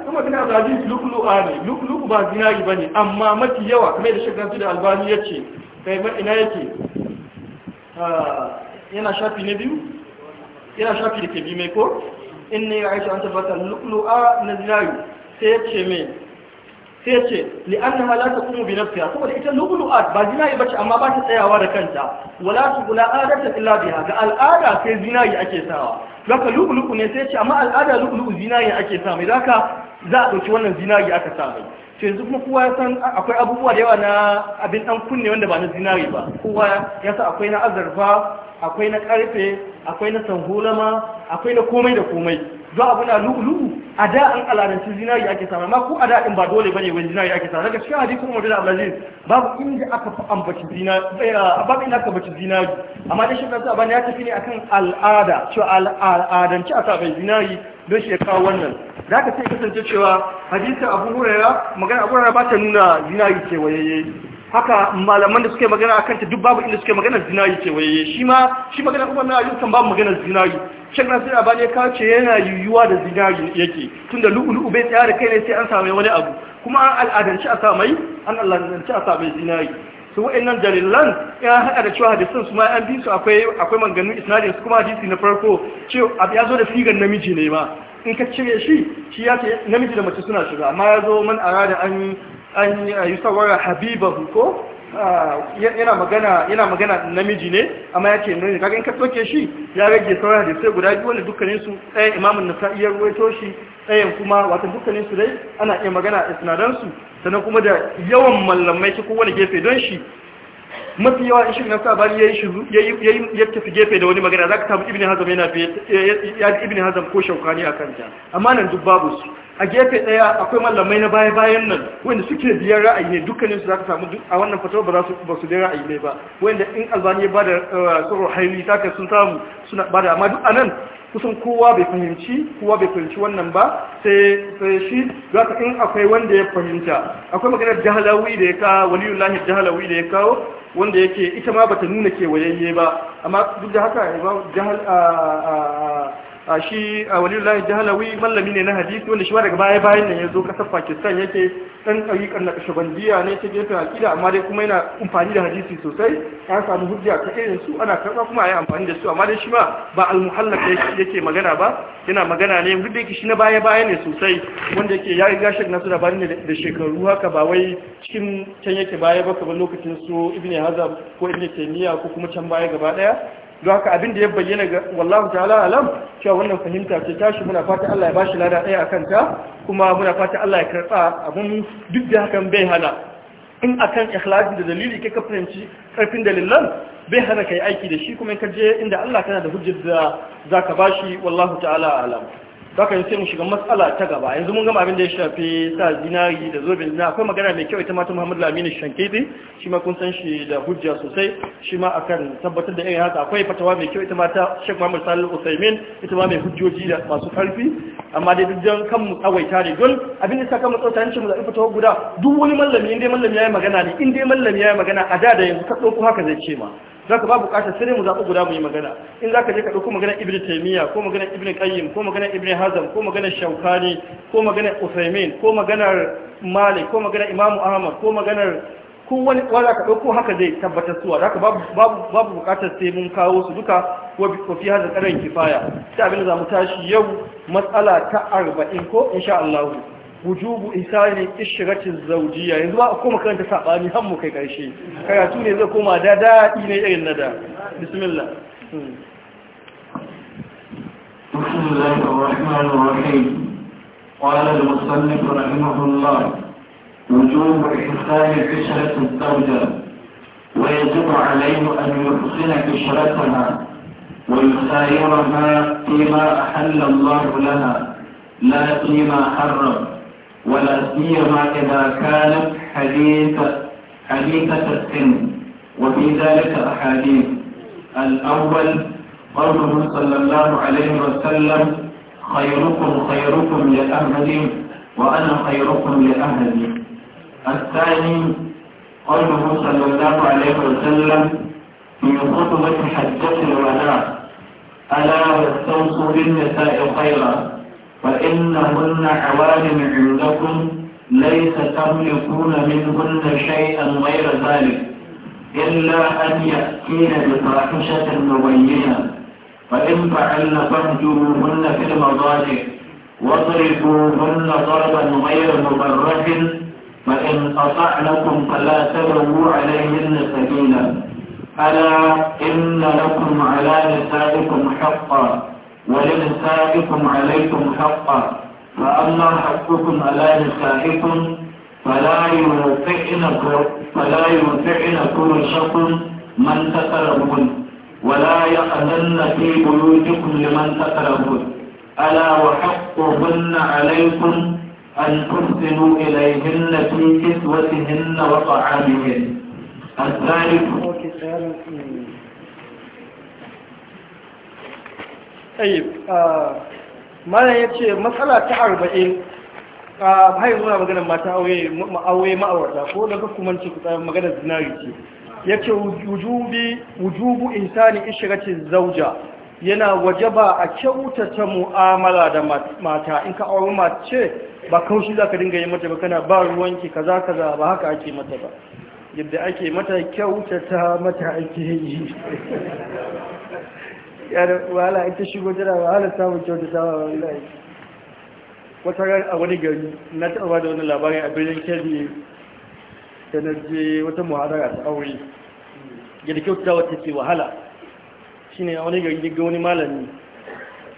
kuma bin abdulaziz luklu'a ne luklu'u ba zinari ba ne amma mafi yawa kamar da shekar su da albani ya ce ina yake ah, yana shafi na biyu yana shafi da ke bi mai ko in ne ya aisha an tabbata luklu'a na zinari sai ya ce mai sai ya ce li'an na ta kuma bi nafiya saboda ita luklu'a ba zinari bace amma ba ta tsayawa da kanta wala su gula adata illa biha ga al'ada sai zinari ake sawa zaka lu'u ne sai ce amma al'ada lu'u zinari ake sa mai zaka za a ɗauki wannan zinari aka sa mai to yanzu kuma kowa ya san akwai abubuwa da yawa na abin ɗan kunne wanda ba na zinari ba kowa ya san akwai na azurfa akwai na karfe akwai na sanhulama akwai na komai da komai don abu na lu'ulu'u a da an al'adanci zinari ake samu amma ko a da ba dole bane wani zinari ake samu daga cikin hadisin Umar bin Abdulaziz babu inda aka fi ambaci zinari eh, babu inda aka ambaci zinari amma da shi kansa bane ya tafi ne akan al'ada cewa al'adanci a sabai zinari don shi ya kawo wannan da aka sai kasance cewa hadisin Abu Hurairah magana Abu ba ta nuna zinari ce wayayye haka malaman da suke magana akan ta duk babu inda suke magana zinari ce waye shi ma shi magana kuma na ayyukan babu magana zinari na sai Abani ya ce yana yuyuwa da zinari yake tunda lu'u-lu'u bai tsaya da kai ne sai an samu wani abu kuma an al'adanci a samai an al'adanci a samai zinari su wa'annan dalilan ya haɗa da cewa hadisin su ma an bi su akwai akwai manganu isnadin su kuma hadisi na farko ce abu ya zo da figan namiji ne ma in ka cire shi shi ya ce namiji da mace suna shiga amma ya zo man arada an an yi sawara habibahu ko yana magana namiji ne amma yace ne kaga in ka soke shi ya rage sauran da sai guda biyu wanda dukkanin su ɗayan imamun nasa'i ya shi ɗayan kuma wata dukkanin su dai ana iya magana a sinadansu sannan kuma da yawan mallamai ciko wani gefe don shi mafi yawa in shirin nasa bari ya yi shiru ya tafi gefe da wani magana za ka samu ibini hazam yana fiye ya ibini hazam ko shaukani a kanta amma nan duk babu su a gefe ɗaya akwai malamai na baya-bayan nan wanda suke biyan ra'ayi ne dukkanin su za ka samu a wannan fatawa ba ba su biyan ra'ayi ne ba wanda in albani ya bada eh, tsoron haini kai sun samu suna bada amma duk anan kusan kowa bai fahimci kowa bai fahimci wannan ba sai sai shi za ka in akwai wanda ya fahimta akwai maganar jahalawi da ya kawo waliyullahi jahalawi da ya kawo wanda yake ita ma bata nuna kewayayye ba amma duk da haka ya ba jahal ah, ah, ah, a shi a walilullahi jahalawi mallami ne na hadisi wanda shi ma daga baya bayan nan ya zo kasar pakistan yake ɗan ɗariƙar na kashabandiya ne ta gefen akida amma dai kuma yana amfani da hadisi sosai an samu hujja ta irin su ana karɓa kuma a yi amfani da su amma dai shi ma ba almuhallaf yake magana ba yana magana ne duk da yake shi na baya baya ne sosai wanda yake ya yi gashin nasu da bani da shekaru haka ba wai cikin can yake baya ba kamar lokacin su ibn hazab ko ibn taymiya ko kuma can baya gaba ɗaya don haka abin da ya bayyana ga wallahu ta'ala alam cewa wannan fahimta ce tashi muna fata Allah ya bashi lada ɗaya akan ta kuma muna fata Allah ya karɓa abin duk da hakan bai hana in akan ikhlasi da dalili kai ka fahimci karfin dalilan bai hana ka yi aiki da shi kuma in ka je inda Allah kana da hujjar da zaka bashi wallahu ta'ala alam Saka sai mu shiga matsala ta gaba yanzu mun gama abin da ya shafi sa zinari da zobin zinari akwai magana mai kyau ita ma ta Muhammad Lamini Shankiti shi ma kun san shi da hujja sosai shi ma akan tabbatar da irin haka akwai fatawa mai kyau ita ma ta Sheikh Muhammad Salih Usaimin ita ma mai hujjoji da masu karfi amma dai duk dan kan mu tsawaita ne don abin da saka mu tsawaita mu zabi fatawa guda duk wani mallami in dai mallami yayi magana ne in dai mallami yayi magana a da da yanzu ka dauko haka zai ce ma za ka ba bukatar sai mu zaɓi guda mu yi magana in za ka je ka ɗauko magana ibn taimiyya ko magana ibn qayyim ko magana ibn hazam ko magana shaukani ko magana usaimin ko maganar malik ko magana imamu ahmad ko maganar ko wani wanda ka ɗauko haka zai tabbatar suwa za ka babu bukatar sai mun kawo su duka wa fi hazan ƙarin kifaya sai abin da za mu tashi yau matsala ta arba'in ko insha Allah wujubu ihsani ishratil zawjiyya yanzu ba kuma karanta sabani har mu kai karshe karatu ne zai koma da dadi ne irin na da bismillah بسم الله الرحمن الرحيم قال المصنف رحمه الله وجوب إحسان عشرة الزوجة ويجب عليه أن يحسن عشرتها ويخيرها فيما أحل الله لها لا فيما حرم ولا سيما إذا كانت حديثة حديثة السن وفي ذلك أحاديث الأول قوله صلى الله عليه وسلم خيركم خيركم لأهلي وأنا خيركم لأهلي الثاني قوله صلى الله عليه وسلم في خطبة حجة الوداع ألا واستوصوا بالنساء خيرا فإنهن عوالم عندكم ليس تملكون منهن شيئا غير ذلك إلا أن يأتين بفاحشة مبينة فإن فعلن فاهجروهن في المضاجع واضربوهن ضربا غير مبرح فإن أطعنكم فلا تبغوا عليهن سبيلا ألا إن لكم على نسائكم حقا ولنسائكم عليكم حقا فأما حقكم على نسائكم فلا يوفئن فلا يوطئن فرشكم من تكرهون ولا يأذن في بيوتكم لمن تكرهون ألا وحقهن عليكم أن تحسنوا إليهن في كسوتهن وطعامهن الثالث mana ya ce matsala ta arba'in a hayin zuwa magana mata aure ma'aurata ko da ka kuma ce kusa maganar zinari ce ya ce wujubu insani ishiratin zauja yana waje ba a kyautata mu'amala da mata in ka auri mace ba kaushi za ka dinga yi mata ba kana ba ruwanki kaza kaza ba haka ake mata ba yadda ake mata kyautata mata ake yi wahala ita shigo tana wahala samun kyautatawa wallahi wata ran a wani gari na taɓa ba da wani labarin a birnin kebbi da na je wata muhadara ta aure yadda kyautatawa ta ke wahala shine a wani gari ga wani malami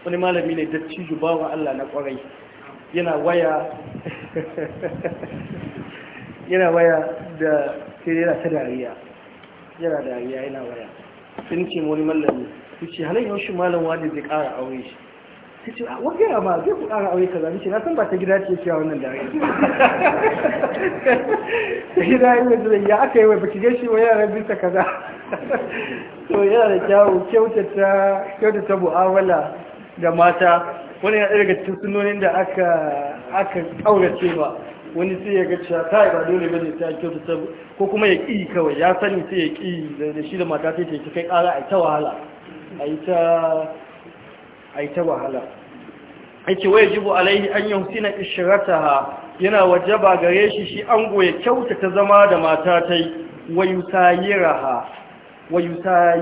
wani malami ne da cijo bawa Allah na kwarai yana waya yana waya da sai yana ta dariya yana dariya yana waya sun ce wani malami su ce halin yau shi malam wajen zai ƙara aure shi ta ce wa gara ma zai ku ƙara aure kaza shi na san ba ta gida ce a wannan dare ta gida yi mai zai ya aka yi wai baki gaishe wa yaran bisa kaza to yana da kyawu kyautata bu'awala da mata wani yana daga cikin sunonin da aka aka cewa ba wani sai ya gaci ya kai ba dole bane ta kyauta ta ko kuma ya ƙi kawai ya sani sai ya ƙi da shi da mata sai ta kai ƙara a ta wahala a yi ta wahala ya jibu alaihi an na ishirataha yana wajaba gare shi shi an goye kyauta ta zama da mata ta yi wa raha,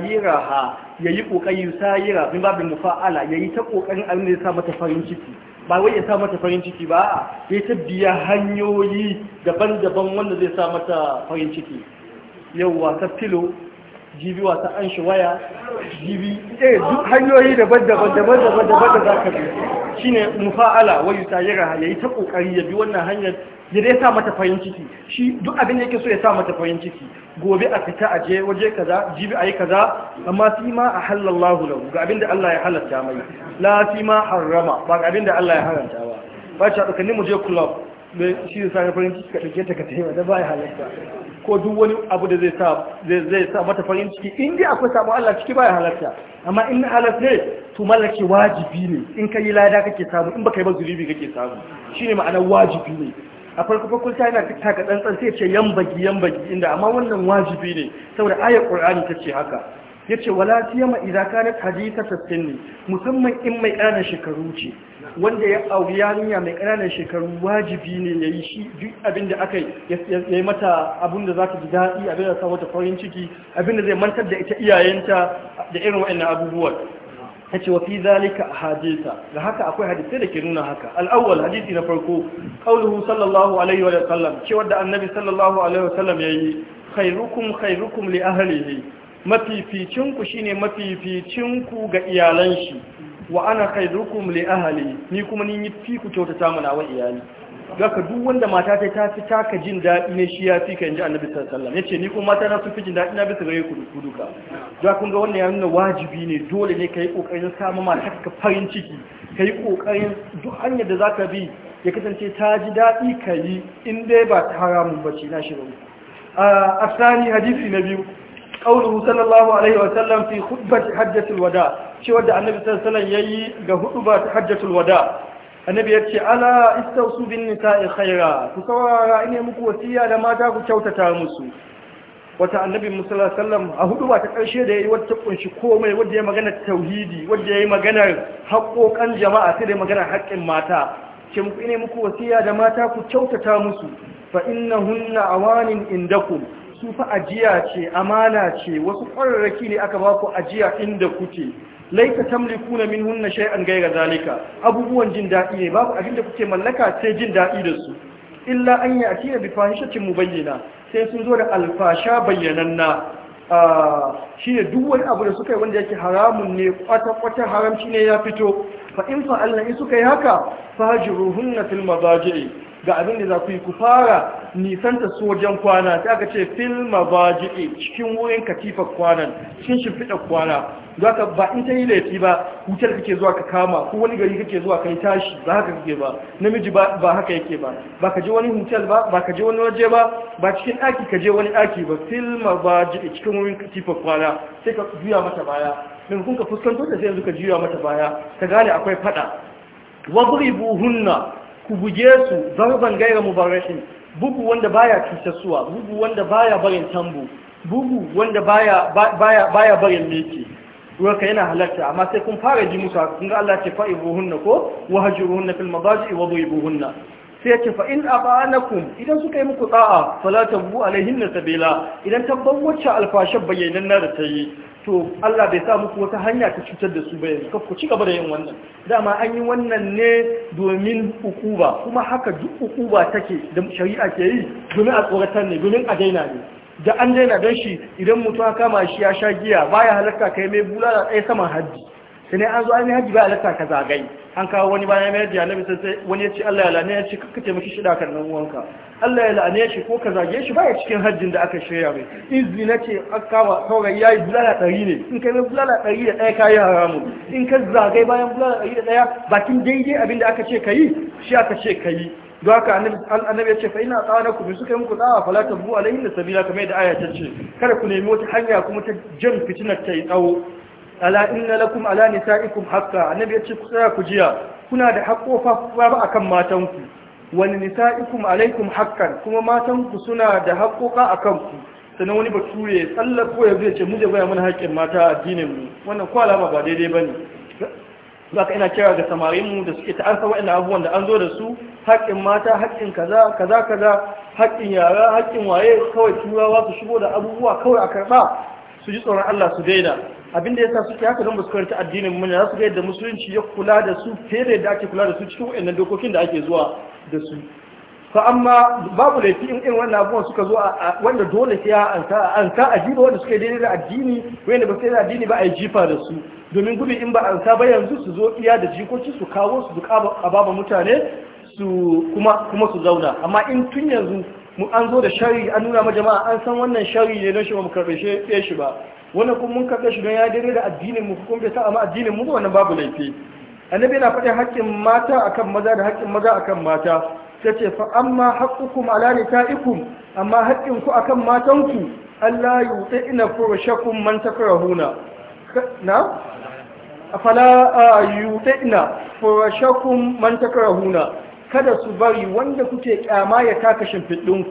ya yi ƙoƙari raha. bin babin mufa'ala ya yi ta ƙoƙarin abin da ya sa mata farin ciki ba wai ya sa mata farin ciki ba ya ta biya hanyoyi daban-daban wanda zai sa mata farin ciki yau wasa filo jibi wata an shi waya jibi eh duk hanyoyi daban-daban daban-daban daban da ka bi shine mufa'ala wayu yi yi ta kokari ya bi wannan hanyar ya dai sa mata fayin ciki shi duk abin da yake so ya sa mata fayin ciki gobe a fita a je waje kaza jibi yi kaza amma fi ma a ahallallahu lahu ga abin da Allah ya halatta mai la fi ma harrama ba ga abin da Allah ya haranta ba ba ta dukkanin mu je club shi sai farin ciki ka dake ta ka tayi da ba ya halatta ko duk wani abu da zai sa mata farin ciki in dai akwai samun Allah ciki baya halarta amma in halarta ne to mallaki wajibi ne in ka yi lada kake samu in baka yi ba zulubi kake samu shine ma'anar wajibi ne a farko farko ta yana taka dan tsan sai ce yan bagi yan bagi inda amma wannan wajibi ne saboda ayar qur'ani ce haka yace wala tiyama idza kanat hadithatan musamman in mai kana shekaru ce wanda ya auri yarinya mai ƙananan shekaru wajibi ne ya yi shi duk abin da aka yi mata abin da za ta ji daɗi abin da sa wata farin ciki abin da zai mantar da ita iyayenta da irin waɗannan abubuwan ta ce wa fi zalika hadisa da haka akwai hadisai da ke nuna haka al'awwal hadisi na farko qauluhu sallallahu alaihi wa sallam Cewar da annabi sallallahu alaihi wa sallam yayi khairukum khairukum li ahlihi mafificinku shine mafificinku ga iyalan shi wa ana khairukum li ahli ni kuma ni yi fi ku kyautata mana wa iyali gaka duk wanda mata ta ta fi taka jin daɗi ne shi ya fi ka ji annabi sallallahu alaihi yace ni kuma mata na su fi jin daɗi na bisa gare ku duka da kun ga wannan ya nuna wajibi ne dole ne kai kokarin samu mata ka farin ciki kai kokarin duk hanyar da ka bi ya kasance ta ji daɗi kai in dai ba ta haramun bace na shi ba a asani hadisi na biyu قوله صلى الله عليه وسلم في خطبة حجة الوداع شو ودع النبي صلى الله عليه وسلم يي خطبة حجة الوداع annabi ya ce ala istausu bin nisa'i khaira ku saurara ina muku wasiya da mata ku kyautata musu wata annabi musallallahu alaihi a hudu ba ta karshe da yayi wata kunshi komai wanda ya magana tauhidi wanda yayi magana haƙoƙan jama'a sai da magana haƙƙin mata ce ina muku wasiya da mata ku kyautata musu fa innahunna awanin indakum su fa ajiya ce amana ce wasu ƙwararraki ne aka ba ku ajiya inda kuke laika tamlikuna minhunna shay'an ghayra zalika abubuwan jin daɗi ne babu abin da kuke mallaka sai jin daɗi da su illa an ya ati bi mu bayyana sai sun zo da alfasha bayyananna ah, Shi ne duk wani abu da suka yi wanda yake haramun ne kwata kwata haramci ne ya fito fa in fa'alna in suka yi haka fahjuruhunna fil mazaji'i ga abin da za ku yi ku fara nisanta su wajen kwana ta aka ce fil mabaji'i cikin wurin katifar kwanan cikin shimfiɗar kwana za ka ba in ta yi laifi ba wutar kake zuwa ka kama ko wani gari kake zuwa ka yi tashi ba haka kake ba namiji ba haka yake ba ba ka je wani hotel ba ba ka je wani waje ba ba cikin ɗaki ka je wani ɗaki ba fil mabaji'i cikin wurin katifar kwana sai ka juya mata baya min kun ka fuskanto da sai yanzu ka juya mata baya ka gane akwai faɗa. wabri buhunna ku buge su zarban gaira mubarashin bugu wanda baya cutarsuwa bugu wanda baya barin tambo bugu wanda baya baya baya barin meke ruwanka yana halarta amma sai kun fara ji musu kun ga Allah ce fa'ibuhunna ko wahjuruhunna fil madaji wa dhibuhunna sai ce fa na abanakum idan suka yi muku bu'u a tabu alaihin sabila idan tabban wacce alfashan bayanan na da ta yi to Allah bai sa muku wata hanya ta cutar da su bayan ku ci gaba da yin wannan dama an yi wannan ne domin hukuba kuma haka duk hukuba take da shari'a ke yi domin a tsoratar ne domin a daina ne da an daina don shi idan mutum kama shi ya sha giya baya halarta kai mai bulala tsaye saman haddi sai ne an zo an yi hajji ba ka zagai. an kawo wani bayan mayar da annabi sai wani ya ce Allah ya la'ane ya ce kakka taimaki shi da nan uwanka Allah ya la'ane shi ko ka zage shi baya cikin hajjin da aka shirya mai izini na ce an kama saurayi ya yi bulala ɗari ne in ka yi bulala ɗari da ɗaya ka yi haramun in ka zagai bayan bulala ɗari da ɗaya bakin daidai abin da aka ce ka yi shi aka ce ka yi don haka annabi ya ce fa ina tsawon ku suka yi muku tsawa fala ta bu alaihin da sabila kamar yadda aya ta ce kada ku nemi wata hanya kuma ta jan fitinar ta yi tsawo ala inna lakum ala nisaikum haqqa annabi yace ce ku tsaya ku jiya kuna da haƙƙofa ba akan matanku wani nisa'ikum alaikum haqqan kuma matanku suna da haƙƙoƙa akan ku sannan wani bature tsallako ya zai ce mu da baya mana haƙƙin mata addinin mu wannan ko alama ba daidai bane zaka ina kira ga samarin mu da suke ta arsa san abubuwan da an zo da su haƙƙin mata haƙƙin kaza kaza kaza haƙƙin yara haƙƙin waye kawai turawa su shigo da abubuwa kawai a karba su ji tsoron Allah su daina abinda sa suke haka don buskarta addinin muna za su ga yadda musulunci ya kula da su fere da ake kula da su cikin wayannan dokokin da ake zuwa da su fa amma babu laifi in irin wannan abubuwan suka zo wanda dole sai an sa an sa a jiba wanda suka daidai da addini wanda ba sai da addini ba a yi jifa da su domin gudun in ba an sa ba yanzu su zo iya da jikoki su kawo su duka baban mutane su kuma su zauna amma in tun yanzu mu an zo da shari an nuna ma jama'a an san wannan shari ne don shi ba mu karbe shi ba Wani kuma mun kafa shi don ya dare da addinin mu kuma bai sa'a amma addinin mu wannan babu laifi annabi yana faɗin haƙƙin mata akan maza da haƙƙin maza akan mata ta ce fa amma haƙƙukum ala nisa'ikum amma haƙƙin ku akan matanku Allah yuti ina furshakum man takrahuna na afala yuti ina furushakum man takrahuna kada su bari wanda kuke kyama ya taka ku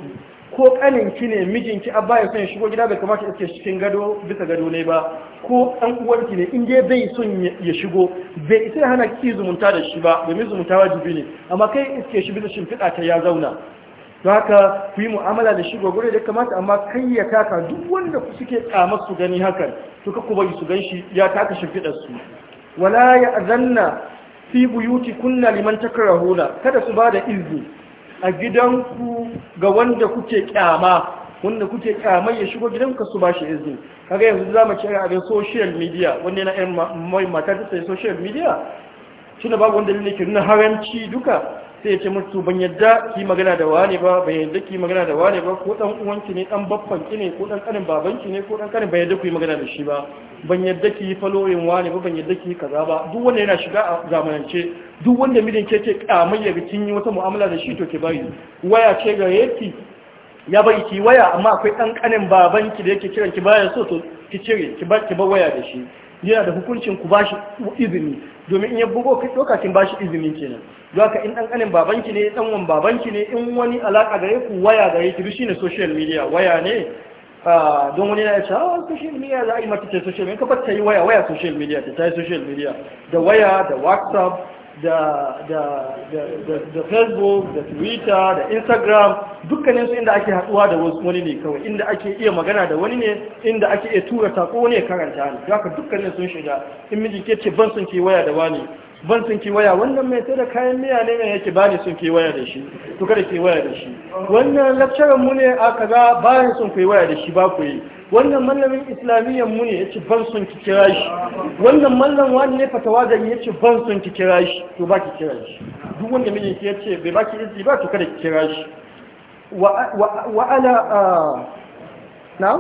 ko kaninki ne mijinki abba ya son ya shigo gida bai kamata iske cikin gado bisa gado ne ba ko ɗan uwarki ne in dai bai son ya shigo bai isa hana ki zumunta da shi ba domin zumunta wajibi ne amma kai iske shi bisa shimfiɗa ta ya zauna to haka ku yi mu'amala da shigo, gure da kamata amma kai ya taka duk wanda suke tsama su gani hakan to ka ku bari su gan shi ya taka shimfiɗar su wala ya azanna fi buyuti kunna liman takrahuna kada su ba da izini a gidanku ga wanda kuke kyama wanda kuke kyama ya shigo gidanka su ba shi izini kaga yanzu za mu kira abin social media wanda yana yan mai mata ta social media shi babu wanda ne ke nuna haramci duka sai ya ce musu ban yadda ki magana da wane ba ban yadda ki magana da wane ba ko dan uwanki ne dan babban ki ne ko dan kanin babanki ne ko dan kanin ban yadda ku yi magana da shi ba ban yadda ki yi following wane ba ban yadda ki yi kaza ba duk wanda yana shiga a zamanance duk wanda mijin ke ce kamar ya cin yi wata mu'amala da shi to ke bari waya ce ga yaki ya bai ki waya amma akwai dan kanin babanki da yake kiran ki baya so to ki cire ki bar ki ba waya da shi yana da hukuncin ku bashi izini domin in ya bugo ka doka kin bashi izini kenan haka in dan kanin babanki ne dan wan babanki ne in wani alaka gare ku waya gare ki shi ne social media waya ne don wani ya ce a ah, social media za a yi mata social media ka ta yi waya waya social media ta yi social media da waya da whatsapp da facebook da twitter da instagram dukkanin su inda ake haduwa da wani ne kawai inda ake iya magana da wani ne inda ake iya tura sako ne karanta ne haka dukkanin sun shiga in miji ke ce ban sun waya da wani ban sun waya wannan mai sai da kayan miya ne mai yake bani sun waya da shi to kada ke waya da shi wannan lakcarar mu ne aka ga, bayan sun waya da shi ba ku yi wannan mallamin islamiyyar mu ne ya ci ban son ki kira shi wannan mallam wani ne fata wajen ya ci ban son ki kira shi to ba ki kira shi duk wanda mijin ki ya ce bai baki izini ba to kada ki kira shi wa ala na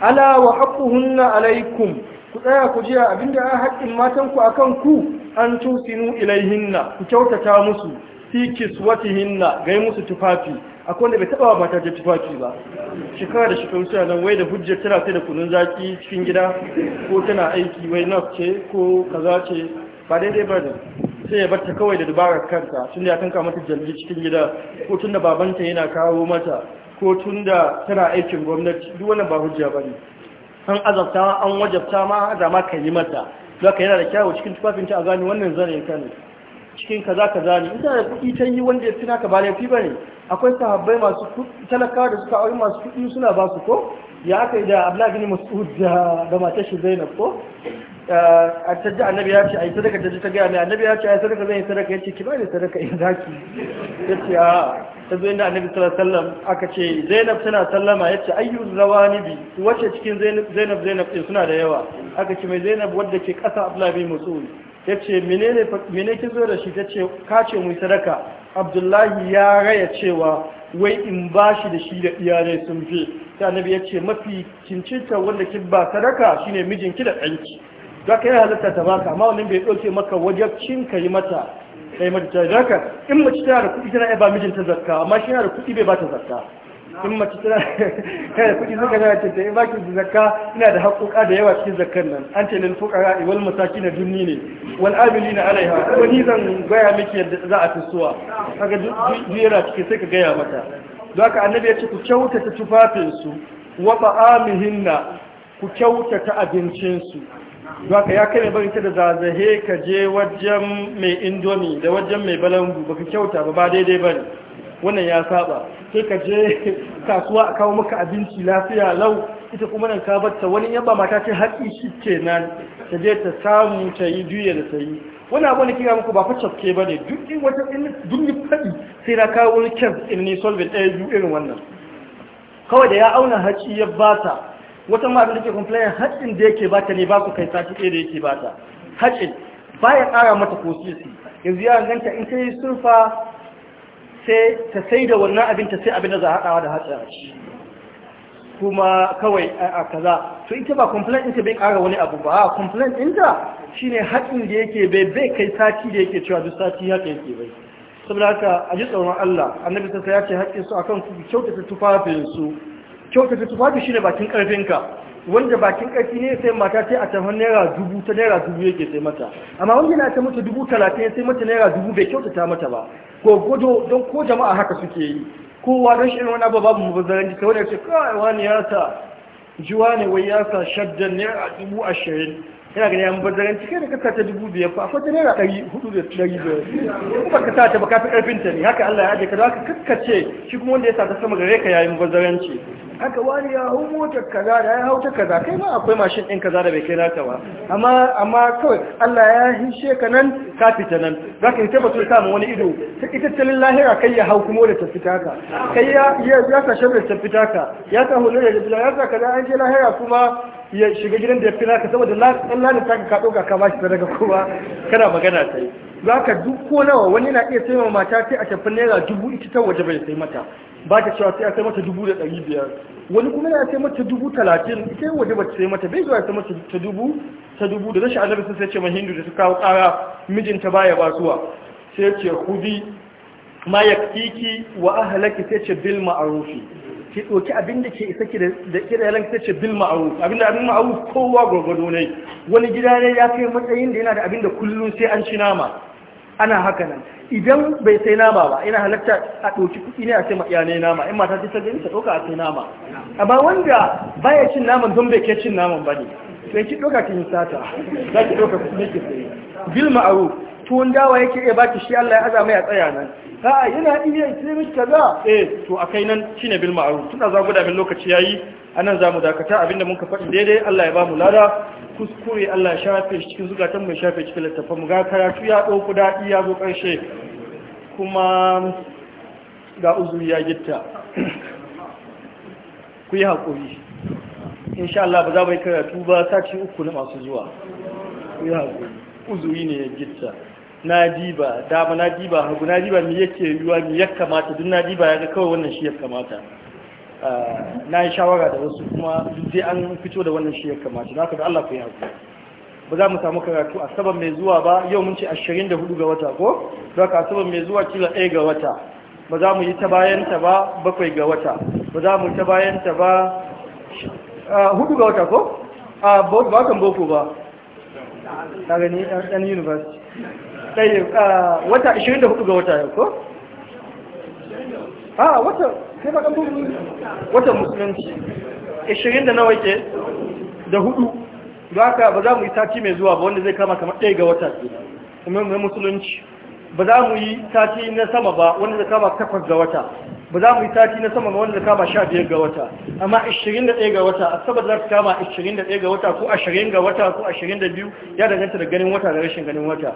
ala wa haqquhunna alaikum ku tsaya ku jiya abinda ya haƙƙin matan ku akan ku an tusinu hinna. ku kyautata musu fi kiswatihinna gai musu tufafi akwai wanda bai taba mata ta tufafi ba shekara da shekaru suna nan wai da hujjar tana sai da kunun zaki cikin gida ko tana aiki wai na ce ko kaza ce ba daidai ba ne sai ya barta kawai da dubarar kanta tun da ya tanka mata jalli cikin gida ko tun da babanta yana kawo mata ko tun da tana aikin gwamnati duk wannan ba hujja ba ne an azabta an wajabta ma da ma yi mata za ka yana da kyawu cikin tufafinta a gani wannan zane ka ne cikin kaza kaza ne in kana da kuɗi ta yi wanda ya fi naka ba laifi ba ne akwai sahabbai masu talakawa da suka auri masu kuɗi suna ba su ko ya aka yi da abla bin masu da da matar shi zainab ko a tajji annabi ya ce a yi sadaka tajji ta gaya mai annabi ya ce a yi sadaka zan yi sadaka ya ce ki ba bani sadaka in ki? ya ce a ta zo inda annabi sallallahu alaihi wasallam aka ce zainab tana sallama ya ce ayyu bi wace cikin zainab zainab din suna da yawa aka ce mai zainab wadda ke kasa abla bin mas'ud ya ce mene ki zo da shi ta ce kace mu sadaka abdullahi ya raya cewa wai in ba shi da shi da iyalai sun fi ta annabi ya ce mafi cincinta wanda ki ba sadaka shine mijinki da ɗanki za ka yi halitta ta baka amma wannan bai ɗauke maka wajabcin ka yi mata kai mata ta in mace tana da kuɗi tana iya ba mijinta zakka amma shi yana da kuɗi bai ba ta zakka in mace tana kai kuɗi suka zara ce in baki da zakka ina da haƙƙoƙa da yawa cikin zakkan nan an ce lil fuqara wal masakin dunni ne wal na alaiha ko ni zan gaya miki yadda za a fisuwa kaga duk cikin sai ka gaya mata don haka annabi ya ce ku kyautata tufafinsu wa ba'amihinna ku kyautata abincinsu haka ya kai bari ta da zazahe ka je wajen mai indomi da wajen mai balangu baka kyauta ba ba daidai bane wannan ya saba sai ka je kasuwa a kawo maka abinci lafiya lau ita kuma nan ka wani yaba mata ce haƙi shi ke nan ta je ta samu ta yi juya da ta yi wani abu ne kira muku ba fashe ke ba ne duk wata duk ni faɗi sai na kawo wani kyan in ni solvent ɗaya biyu irin wannan kawai da ya auna haƙi ya ba ta wata ma da ke complain haƙin da yake ta ne ba ku kai sati ɗaya da yake bata haƙin ya ƙara mata ko sisi yanzu ya ganta in ta yi sai ta sai da wannan abin ta sai abin da za a haɗawa da hatsara kuma kawai a kaza to ita ba complaint ɗinta bai ƙara wani abu ba complaint ɗinta shine haƙin da yake bai bai kai sati da yake cewa duk sati haka yake bai saboda haka a ji tsoron Allah annabi sai ya ce haƙin su akan ku kyautata tufafin su kyautata tufafi shine bakin karfin ka wanda bakin ƙarfi ne sai mata sai a tafan naira dubu ta naira dubu yake sai mata amma wanda na ta mata dubu talatin sai mata naira dubu bai kyautata mata ba ko gudu don ko jama'a haka suke yi kowa don shi wani abu babu mubazzaranci kawai ya ce kawai wani ya sa juwa ne wai ya sa shaddan naira dubu ashirin yana ganin yan bazaranci kai da kasa ta dubu biyar fa akwai ta naira ɗari hudu da ɗari biyar kuma ka ta ba ka fi ƙarfin ta ne haka Allah ya ajiye ka ka kakkace shi kuma wanda ya sa ta sama gare ka yayin bazaranci haka wani ya hau motar kaza da ya hau ta kaza kai ma akwai mashin ɗin kaza da bai kai naka ba amma amma kawai Allah ya hishe ka nan ka fita nan za ka yi tabbatar samun wani ido ta tattalin lahira kai ya hau kuma da ta fita ka kai ya ya sa shabar ta fita ka ya sa hular da jibla ya sa kaza an je lahira kuma ya shiga gidan da ya fita ka saboda Allah ta ka ɗauka ka ba shi daga kowa kana magana ta yi za ka duk ko nawa wani na iya sai mata sai a tafi naira dubu ita ta waje bai sai mata ba ta cewa sai a sai mata dubu da ɗari biyar wani kuma ya sai mata dubu talatin sai waje ba sai mata bai zuwa sai mata ta dubu ta dubu da rashin annabi sai ce hindu da su kawo ƙara mijinta baya ba zuwa sai ce hudi ma kiki wa ahlaki sai ce bil ma'arufi, ki ɗauki abin da ke isa ki da ki da yalan sai ce bil ma'ruf abin da abin ma'ruf kowa gwargwado ne wani gida ne ya kai matsayin da yana da abin da kullum sai an ci nama ana haka nan idan bai sai nama ba ina halatta a ɗauki kuɗi ne a sai ce ne nama in mata ta gani ta ɗauka a sai nama amma wanda baya cin naman don bai ke cin naman ba ne sai ki ɗauka kin sata za ki ɗauka kuɗi ki sai bil ma'ruf tuwon dawa yake iya baki shi Allah ya aza mai a tsaya nan a yana iya ce miki kaza eh to a kai nan shine bil tun da za guda min lokaci ya yi a nan za mu dakata abinda mun ka faɗi daidai Allah ya ba mu lada kuskure Allah ya shafe shi cikin zukatan mai shafe cikin littafin mu ga karatu ya ɗauku daɗi ya zo ƙarshe kuma ga uzuri ya gitta ku yi haƙuri insha Allah ba za mu yi karatu ba sati uku na masu zuwa ku yi haƙuri uzuri ne ya gitta na diba dama na diba hagu na diba me yake yiwuwa me ya kamata duk na diba ya ga kawai wannan shi ya kamata Eh, na yi shawara da wasu kuma sai an fito da wannan shi ya kamata Na ka Allah ku yi haƙuri ba za mu samu karatu a saban mai zuwa ba yau mun ce 24 ga wata ko za ka saban mai zuwa kila 1 ga wata ba za mu yi ta bayan ta ba bakwai ga wata ba za mu ta bayan ta ba eh, hudu ga wata ko ah, a kan boko ba ta gani ɗan university ɗaya ah, wata 24 ga wata yau ko a ah, wata sai wata musulunci ishirin da nawa ke da hudu da aka ba za mu yi sati mai zuwa ba wanda zai kama kamar ɗaya ga wata kuma mai musulunci ba za mu yi sati na sama ba wanda zai kama takwas ga wata ba za mu yi sati na sama ba wanda zai kama sha biyar ga wata amma ishirin da ɗaya ga wata asabar za su kama ishirin da ɗaya ga wata ko ashirin ga wata ko ashirin da biyu ya danganta da ganin wata da rashin ganin wata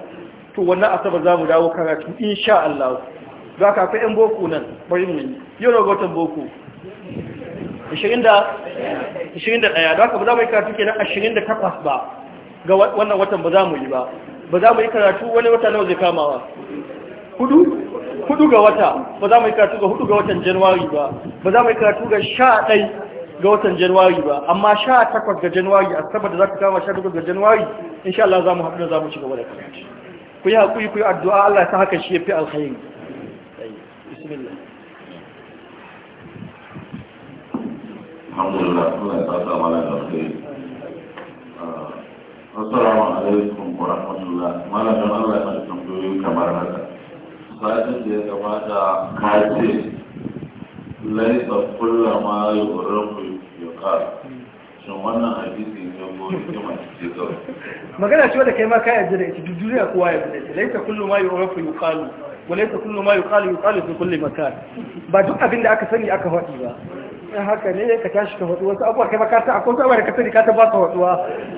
to wannan asabar za mu dawo karatu insha Allah za ka fi 'yan boko nan bari mu yi yau na gautan boko 21 da haka ba za mu yi karatu ke nan 28 ba ga wannan watan ba za mu yi ba ba za mu yi karatu wani wata nawa zai kamawa hudu hudu ga wata ba za mu yi karatu ga hudu ga watan januwari ba ba za mu yi karatu ga sha ɗai ga watan januwari ba amma sha takwas ga januwari a saboda za ka kama sha takwas ga januwari insha Allah za mu haɗu da za mu ci gaba da karatu ku yi haƙuri ku yi addu'a Allah ta haka shi ya fi alkhairi bismillah alhamdulillah Allah ya tsaka mana da kai ah, assalamu alaikum wa rahmatullah malamin Allah ya tsaka tambayoyi kamar haka satin da ya kamata ka ce laisa kullama yu'rafu yuqal magana ce wadda kai ma ka yarda da ita duk duniya kowa ya bude ta laita kullu ma yu'rafu yuqalu وليس كل ما يقال يقال في كل مكان ba duk abin aka sani aka faɗi ba in haka ne ka tashi ka faɗi wasu abuwa kai ba ka ta akwai abuwa da ka sani ka ta ba su faɗuwa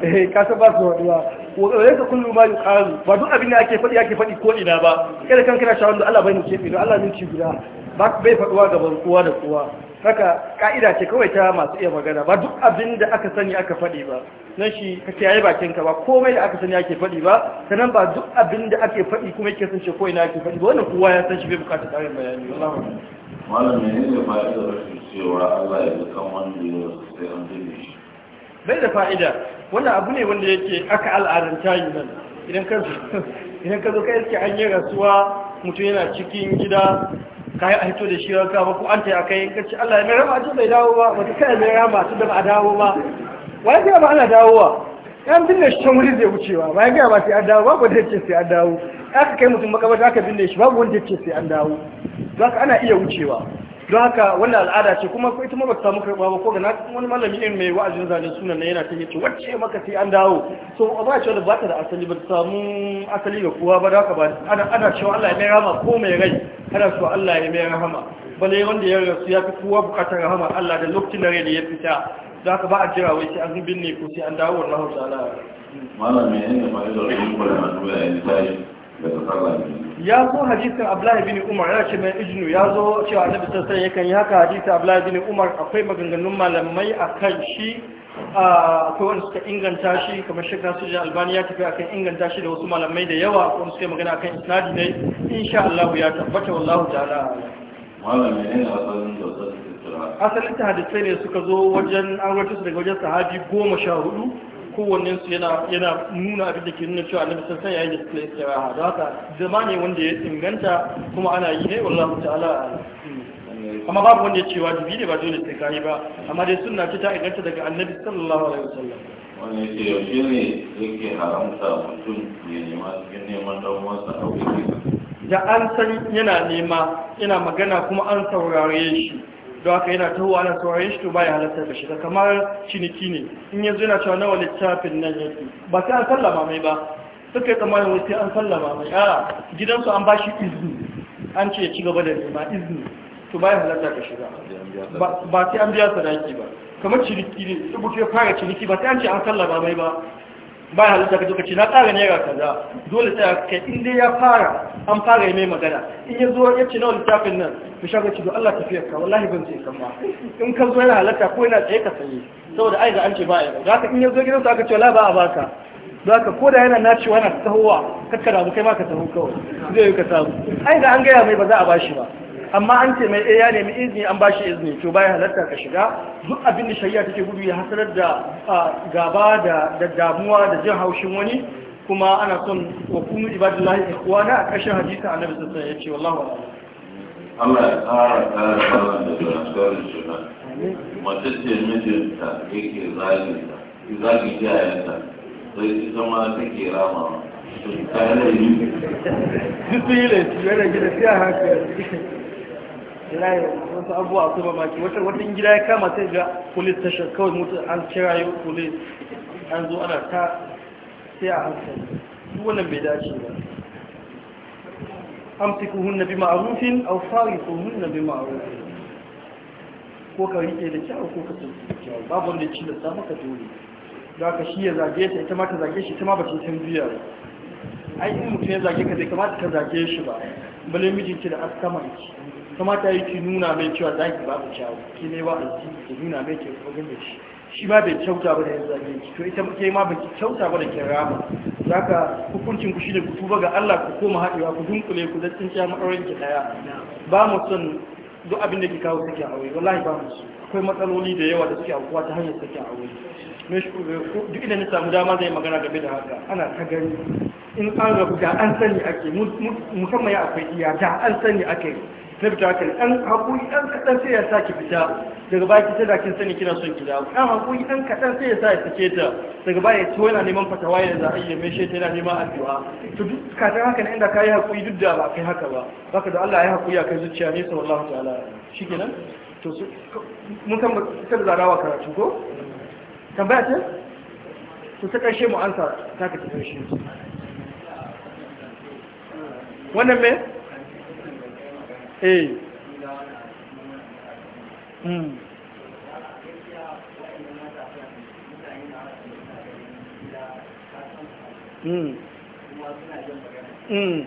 eh ka ta ba su faɗuwa wadanda ka kullu ma yuqalu ba duk abin da ake faɗi ake faɗi ko ina ba kada kan kana shawar da Allah bai ni don Allah ne ci guda ba bai faɗuwa gaban kowa da kowa haka ka'ida ce kawai ta masu iya magana ba duk abin da aka sani aka faɗi ba nan shi ka kiyaye bakinka ba komai da aka sani ake faɗi ba sanan ba duk abin da ake faɗi kuma yake san shi ko ina ake faɗi ba wannan kowa ya san shi bai bukata ƙarin bayani wallahi ne ba da rashin cewa Allah ya ga kan wanda ya sai an dinne shi bai da fa'ida wannan abu ne wanda yake aka al'adanta yi nan idan ka idan ka zo ka iske an yi rasuwa mutum yana cikin gida kayan a hito da shi wa gaba ko an ta aka yi kace Allah ya mai rama tun bai dawo ba wata kai mai rama tun da ba a dawo ba ya ga ba ana dawowa yan binne shi can wurin zai wucewa wai ga ba sai an dawo ba ko zai yake sai an dawo aka kai mutum makamata aka binne shi babu wanda yake sai an dawo zaka ana iya wucewa don haka wannan al'ada ce kuma ita ma ba ta samu karɓa ba ko ga wani malami irin mai wa'azin zane sunan na yana ta ce wacce maka sai an dawo so a ba cewa da ba ta da asali ba ta samu asali ga kowa ba da ba ana ana cewa Allah ya mai rama ko mai rai ana cewa Allah ya mai rahama bale wanda ya rasu ya fi kowa bukatar rahama Allah da lokacin da rai ya fita da haka ba a jira wai sai an binne ko sai an dawo wannan hausa Allah malami ne da mai da rubutu da manuwa yi ya zo hadisin abdullahi bin umar yana ce mai ijinu ya zo cewa annabi sassan yakan yi haka hadisin abdullahi bin umar akwai maganganun malamai a kan shi akwai wanda suka inganta shi kamar shi nasu jin albani ya tafi akan inganta shi da wasu malamai da yawa akwai wanda suka magana akan isnadi ne insha Allah ya tabbata wallahu ta'ala malamai ne a tsarin da asalin ta hadisai ne suka zo wajen an daga wajen sahabi goma sha hudu kowannen su yana yana nuna abin da ke nuna cewa annabi sallallahu alaihi wasallam ya yi display istiraha don haka zama ne wanda ya inganta kuma ana yi ne wallahi ta'ala amma babu wanda ya ce wajibi ne ba dole sai kai ba amma dai sunna ce ta inganta daga annabi sallallahu alaihi wasallam ya ce yaushe ne yake haramta mutum ya nema cikin neman dan uwansa a wuri da an san yana nema yana magana kuma an saurare shi don haka yana tahowa ana saurayin shi to ba ya halatta da shiga kamar ciniki ne in yanzu yana cewa nawa littafin nan fi ba sai an sallama mai ba suka yi tsammanin wai sai an sallama mai a gidansu an ba shi izini an ce ya ci gaba da nema izini to ba ya halatta ka shiga ba sai an biya sadaki ba kamar ciniki ne rubutu ya fara ciniki ba sai an ce an sallama mai ba ba halitta ka duka ce na tsara naira kaza dole ta kai inda ya fara an fara yi mai magana in ya zuwa ya ce nawa littafin nan ku shago ci don Allah tafiya ka wallahi ban ce kan ba in ka zo yana halatta ko yana tsaye ka tsaye saboda ai ga an ce ba ya yi ka in ya zo gidansa aka ce wala ba a baka za ka ko da yana nacewa yana tahowa kakkara mu kai ma ka taho kawai zai yi ka samu ai ga an gaya mai ba za a bashi ba amma an ce mai ya nemi izini an bashi izini to baya halatta ka shiga duk abin da shari'a take gudu ya hasarar da gaba da damuwa da jin haushin wani kuma ana son wa kunu ibadillahi ikhwana a ƙarshen hadisi annabi sallallahu alaihi wasallam ya ce wallahu Allah ya ƙara ƙara sallah da zuwa suna mace ce mijinta yake zagi zagi jayanta sai ita ma take rama ta yi laifi duk su yi laifi yana gida sai a haka wallahi wasu abubuwa akwai mamaki wata wata gida ya kama sai ga police station kawai mutu an kira yau police an zo ana ta sai a hankali Su wannan bai dace ba An fi kuhun na bi ma'arufin a fari aw na bi ma'arufin. ko ka rike da kyau ko ka tsinci da babu wanda ci da samu ka dole da ka shi ya zage ta ita ma ta zage shi ita ma ba ta san biya ai in mutum ya zage ka bai kamata ka zage shi ba bale mijinki da askamanki kamata yi ki nuna mai cewa ba ku kyawu ki ne wa aljihu ki nuna mai ke kogin da shi shi ma bai kyauta ba da yanzu zage ki to ita ke ma bai kyauta ba da kin rama ka hukuncin ku shi da ku tuba ga Allah ku koma haɗewa ku dunkule ku zattin cewa ma'aurin ki daya ba mu son duk abin da ke kawo sake aure wallahi ba mu so akwai matsaloli da yawa da suke aukuwa ta hanyar sake aure duk idan na samu dama zai magana game da haka ana ta gani in an rabu da an sani ake musamman ya akwai iya da an sani ake na fita haka an haƙuri ɗan kaɗan sai ya sa ki fita daga baya ki tada kin sani kina son ki dawo ɗan haƙuri ɗan kaɗan sai ya sa ya sake ta daga baya ya ciwo yana neman fatawa ya za a iya mai shi yana neman addu'a to duk kafin haka inda ka yi haƙuri duk da ba kai haka ba baka da Allah ya haƙuri a kai zuciya ne sallallahu ta'ala shikenan to mun san ba ta zarawa karatu ko tambaya ce su ta ƙarshe mu ansa ta ka tafi shi wannan me eh mm mm mm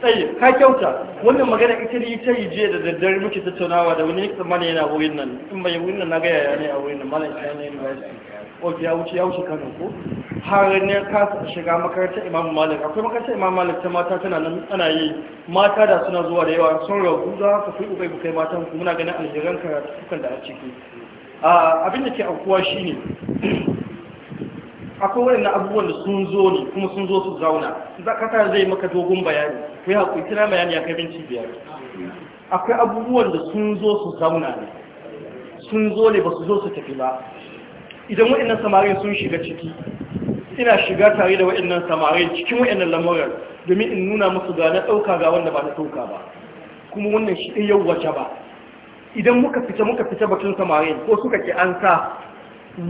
tsaye ka kyauta wannan magana ita ne ta yi jiya da daddare muke tattaunawa da wani yake mana yana wurin nan in bai wurin nan na ga yaya ne a wurin nan malam shi ne university ok ya wuce ya wuce Kano ko har ne ka shiga makarantar Imam Malik akwai makarantar Imam Malik ta mata tana nan ana yi mata da suna zuwa da yawa sun rabu za ka fi ubai bukai mata ku muna ganin aljiran kukan da a ciki abin da ke aukuwa shine akwai waɗannan abubuwan da sun zo ne kuma sun zo su zauna za ka zai maka dogon bayani kai haƙuri kira bayani ya kai binci biyar akwai abubuwan da sun zo su zauna ne sun zo ne ba su zo su tafi ba idan waɗannan samarin sun shiga ciki ina shiga tare da waɗannan samarin cikin waɗannan lamurar domin in nuna musu ga na ɗauka ga wanda ba na ɗauka ba kuma wannan shi ɗin yau wace ba idan muka fita muka fita bakin samarin ko suka ki an sa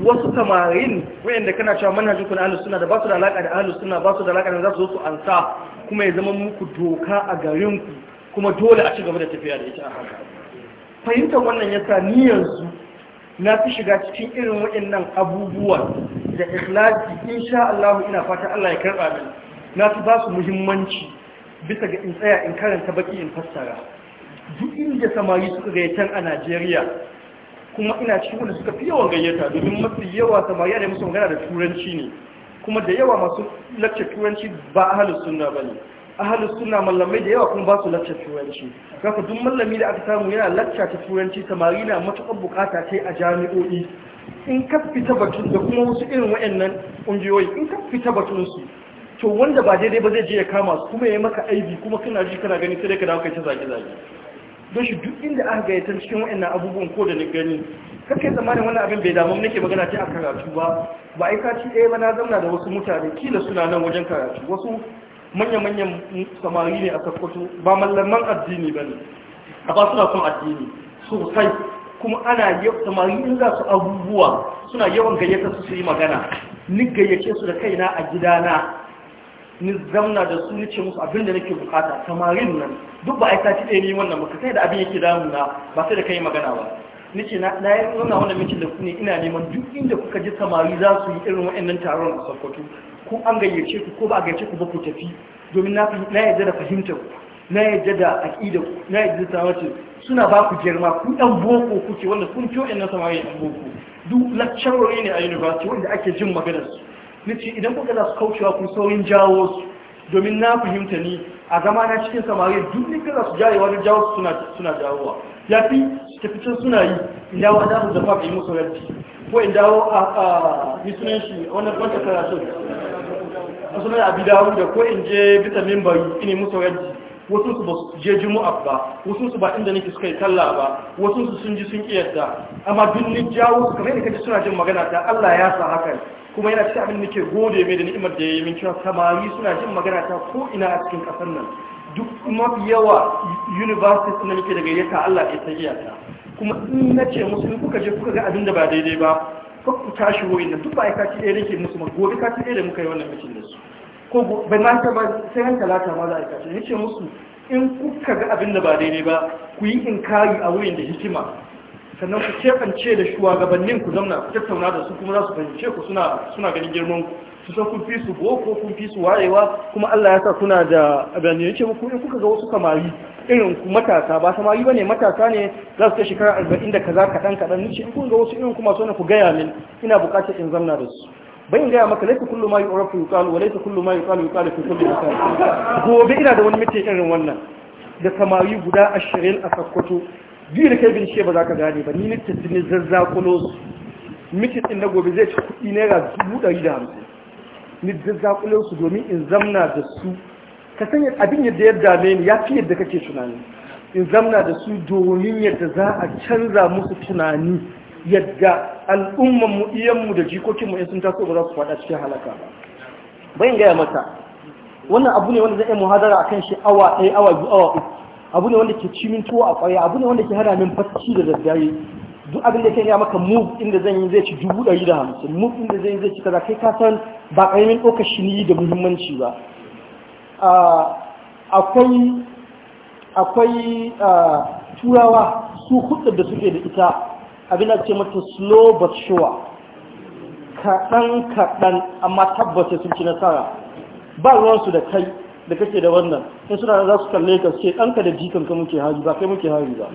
wasu samarin wayanda kana cewa manhajin na ahlus da ba su da alaka da ahlus sunna ba su da alaka da za zo su ansa kuma ya zama muku doka a garin ku kuma dole a ci gaba da tafiya da ita a haka fahimtar wannan yasa ni yanzu na fi shiga cikin irin wayannan abubuwa da ikhlasi insha Allah ina fata Allah ya karba min na fi ba su muhimmanci bisa ga in tsaya in karanta baki in fassara duk inda samari suka ga a Najeriya kuma ina cikin wanda suka fi yawan gayyata domin mafi yawa samariya ne musu magana da turanci ne kuma da yawa masu lakce turanci ba ahalus sunna ba ne ahalus sunna mallamai da yawa kuma ba su lakce turanci kafa duk mallami da aka samu yana lakca ta turanci samari na matuƙar bukata ce a jami'o'i in ka fita batun da kuma wasu irin wayannan ƙungiyoyi in ka fita batun su to wanda ba daidai ba zai je ya kama su kuma ya yi maka aibi kuma kana ji kana gani sai dai ka dawo kai ta zage-zage don shi duk inda aka gayyatar cikin wa'annan abubuwan ko da ni gani kake zamanin wani abin bai damu nake magana ce a karatu ba ba ai kaci ɗaya ba na zauna da wasu mutane kila suna nan wajen karatu wasu manya-manyan samari ne a sakkwato ba mallaman addini ba ne a ba suna son addini sosai kuma ana samari in za su abubuwa suna yawan gayyata su su yi magana ni gayyace su da kaina a gidana ni zamna da su nace musu abin da nake bukata samarin nan duk ba ai sati ɗaya ne wannan baka sai da abin yake damuna ba sai da kai magana ba nace na na yi zauna wannan mitin da ku ne ina neman duk inda kuka ji samari za su yi irin wa'annan taron a Sokoto ko an gayyace ku ko ba a gayyace ku ba ku tafi domin na na yadda da fahimtar ku na yadda da aqida ku na yadda da tawace suna ba ku girma ku dan boko kuke wanda kun ciyo ɗan samari ɗan boko duk lecturer ne a university wanda ake jin maganar nace idan kuka za su kaucewa kun saurin jawo su domin na fahimta ni a zama na cikin samari duk ne kaza su jayewa da jawo su suna jawowa ya fi su suna yi in dawo a damu da yi musu rarci ko in dawo a yi sunan shi wannan kwanta karatu a sunan abi dawo da ko in je bisa mimbari ina musu rarci wasu su ba su je juma'a ba wasu su ba inda nake suka yi talla ba wasu su sun ji sun kiyarta amma duk ne jawo su kamar ka kaji suna jin magana ta Allah ya sa haka kuma yana cikin abin da ke gode mai da ni'imar da ya yi min cewa samari suna jin magana ta ko ina a cikin ƙasar nan duk mafi yawa universities na nake daga yata Allah ya san iyaka kuma in na ce musu in kuka je kuka ga abin da ba daidai ba ko ku tashi hoyi nan duk ba ya kaci ɗaya nake musu ma gobe ka ɗaya da muka yi wannan mutum da su ko bai ma ta ba sai ran talata ma za a kace ce musu in kuka ga abin da ba daidai ba ku yi inkari a wurin da hikima sannan ku kebance da shugabannin ku zamna ku tattauna da su kuma za su fahimce ku suna suna ganin girman ku su san kun fi su boko kun fi su wayewa kuma Allah ya sa kuna da abin yake muku in kuka ga wasu kamari irin ku matasa ba samari bane matasa ne za su kai shekara arba'in da kaza kaɗan kaɗan nace in kun ga wasu irin kuma so ku gaya min ina bukatar in zamna da su bayin gaya maka laita kullu ma yu'rafu yuqalu wa laita kullu ma yuqalu yuqalu fi kulli makan gobe ina da wani mutum irin wannan da samari guda ashirin a sakkwato biyu da kai bincike ba za ka gane ba ni littafi ne zazzakulo su na gobe zai ci kuɗi naira dubu ɗari da hamsin ni zazzakulo su domin in zamna da su ka sanya abin yadda ya dame ni ya fi yadda kake tunani in zamna da su domin yadda za a canza musu tunani yadda al'umman mu iyanmu da jikokinmu in sun taso ba za su faɗa cikin halaka ba bayan gaya mata wannan abu ne wanda zai iya muhadara akan shi awa ɗaya awa biyu awa uku abu ne wanda ke ci min tuwo a kwaya abu ne wanda ke hana min bacci da daddare duk abin da ke ya maka move inda zan yi zai ci dubu ɗari da hamsin move inda zan yi zai ci kaza kai ka san ba ƙaramin ɗaukar shi ne da muhimmanci ba akwai akwai turawa su hudu da suke da ita abin da ce mata slow but sure kaɗan kaɗan amma tabbata sun ci nasara ba ruwansu da kai da kake da wannan sai suna za su kalle ka ce ɗanka da ka muke haji ba kai muke haji ba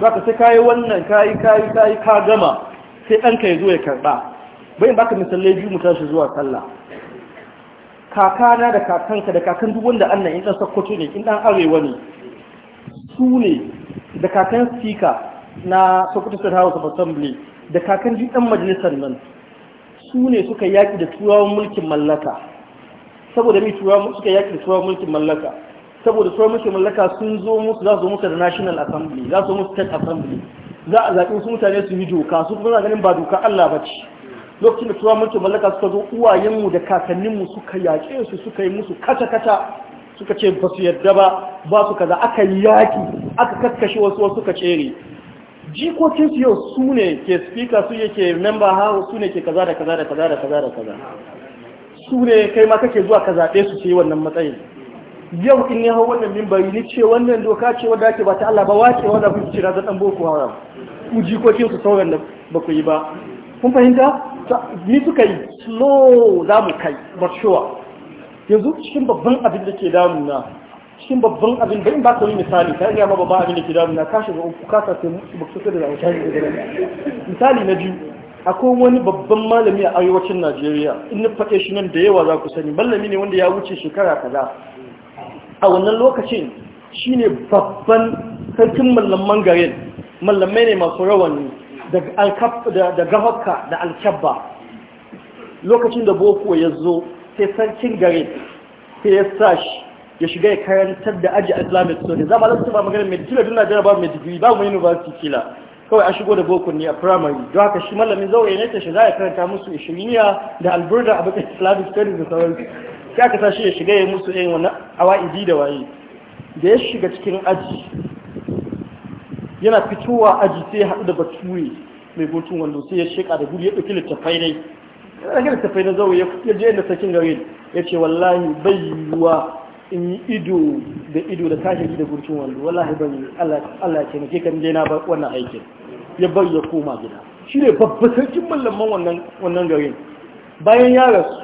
za ka sai kayi wannan kayi kayi kayi ka gama sai ɗanka ya zo ya karɓa bayan baka misalai biyu mu tashi zuwa sallah kakana da kakanka da kakan duk wanda annan in ɗan sakkwato ne in ɗan arewa ne su ne da kakan sika na sokoto state house of assembly da kakan duk ɗan majalisar nan su ne suka yaƙi da turawan mulkin mallaka saboda mai turawa suka yaki turawa mulkin mallaka saboda turawa mulkin mallaka sun zo musu za su zo musu da national assembly za su musu state assembly za a zaɓi su mutane su yi doka su kuma ganin ba doka Allah ba ce lokacin da turawa mulkin mallaka suka zo uwayenmu da kakanninmu suka yaƙe su suka yi musu kata-kata suka ce ba su yarda ba ba su kaza aka yaƙi aka kakkashe wasu wasu suka cere jikokinsu yau su ne ke speaker su yake member house su ne ke kaza da kaza da kaza da kaza da kaza su ne kai ma kake zuwa ka zaɓe su ce wannan matsayin yau in yi hau wannan mimbari ni ce wannan doka ce wadda ake ba ta Allah ba wace wanda kun ci razan dan boko haram ku jikokin su sauran da ba ku yi ba kun fahimta ni suka yi slow za mu kai but sure yanzu cikin babban abin da ke damun na cikin babban abin da in ba ka yi misali ka ga ma babban abin da ke damuna ka shiga uku ka sa sai mu ba su da misali na biyu akwai wani babban malami a arewacin najeriya in na faɗe shi nan da yawa za ku sani malami ne wanda ya wuce shekara kaza a wannan lokacin shi ne babban sarkin mallaman garin mallamai ne masu rawani da gafaka da alkyabba lokacin da boko ya zo sai sarkin garin sai ya sa ya shiga ya karantar da aji islamic studies zama lasu ba magana mai tilo duna ba mai digiri ba mu university kila kawai a shigo da boko ne a primary don haka shi malamin zaure ne ta shi za a karanta musu ishiriniya da alburda a bakin slavic studies da sauransu sai kasa shi ya shiga ya musu irin wani awa'idi da waye da ya shiga cikin aji yana fitowa aji sai ya haɗu da bature mai gutun wando sai ya sheka da gudu ya ɗauki littattafai ne ya ɗauki littattafai na zaure ya je inda sakin gare ya ce wallahi bai yiwuwa in yi ido da ido da tashi da gurcin wando wallahi ban yi Allah ce nake kan dai na bar wannan aikin ya bar ya koma gida shi ne babbar sarkin mallaman wannan wannan garin bayan ya rasu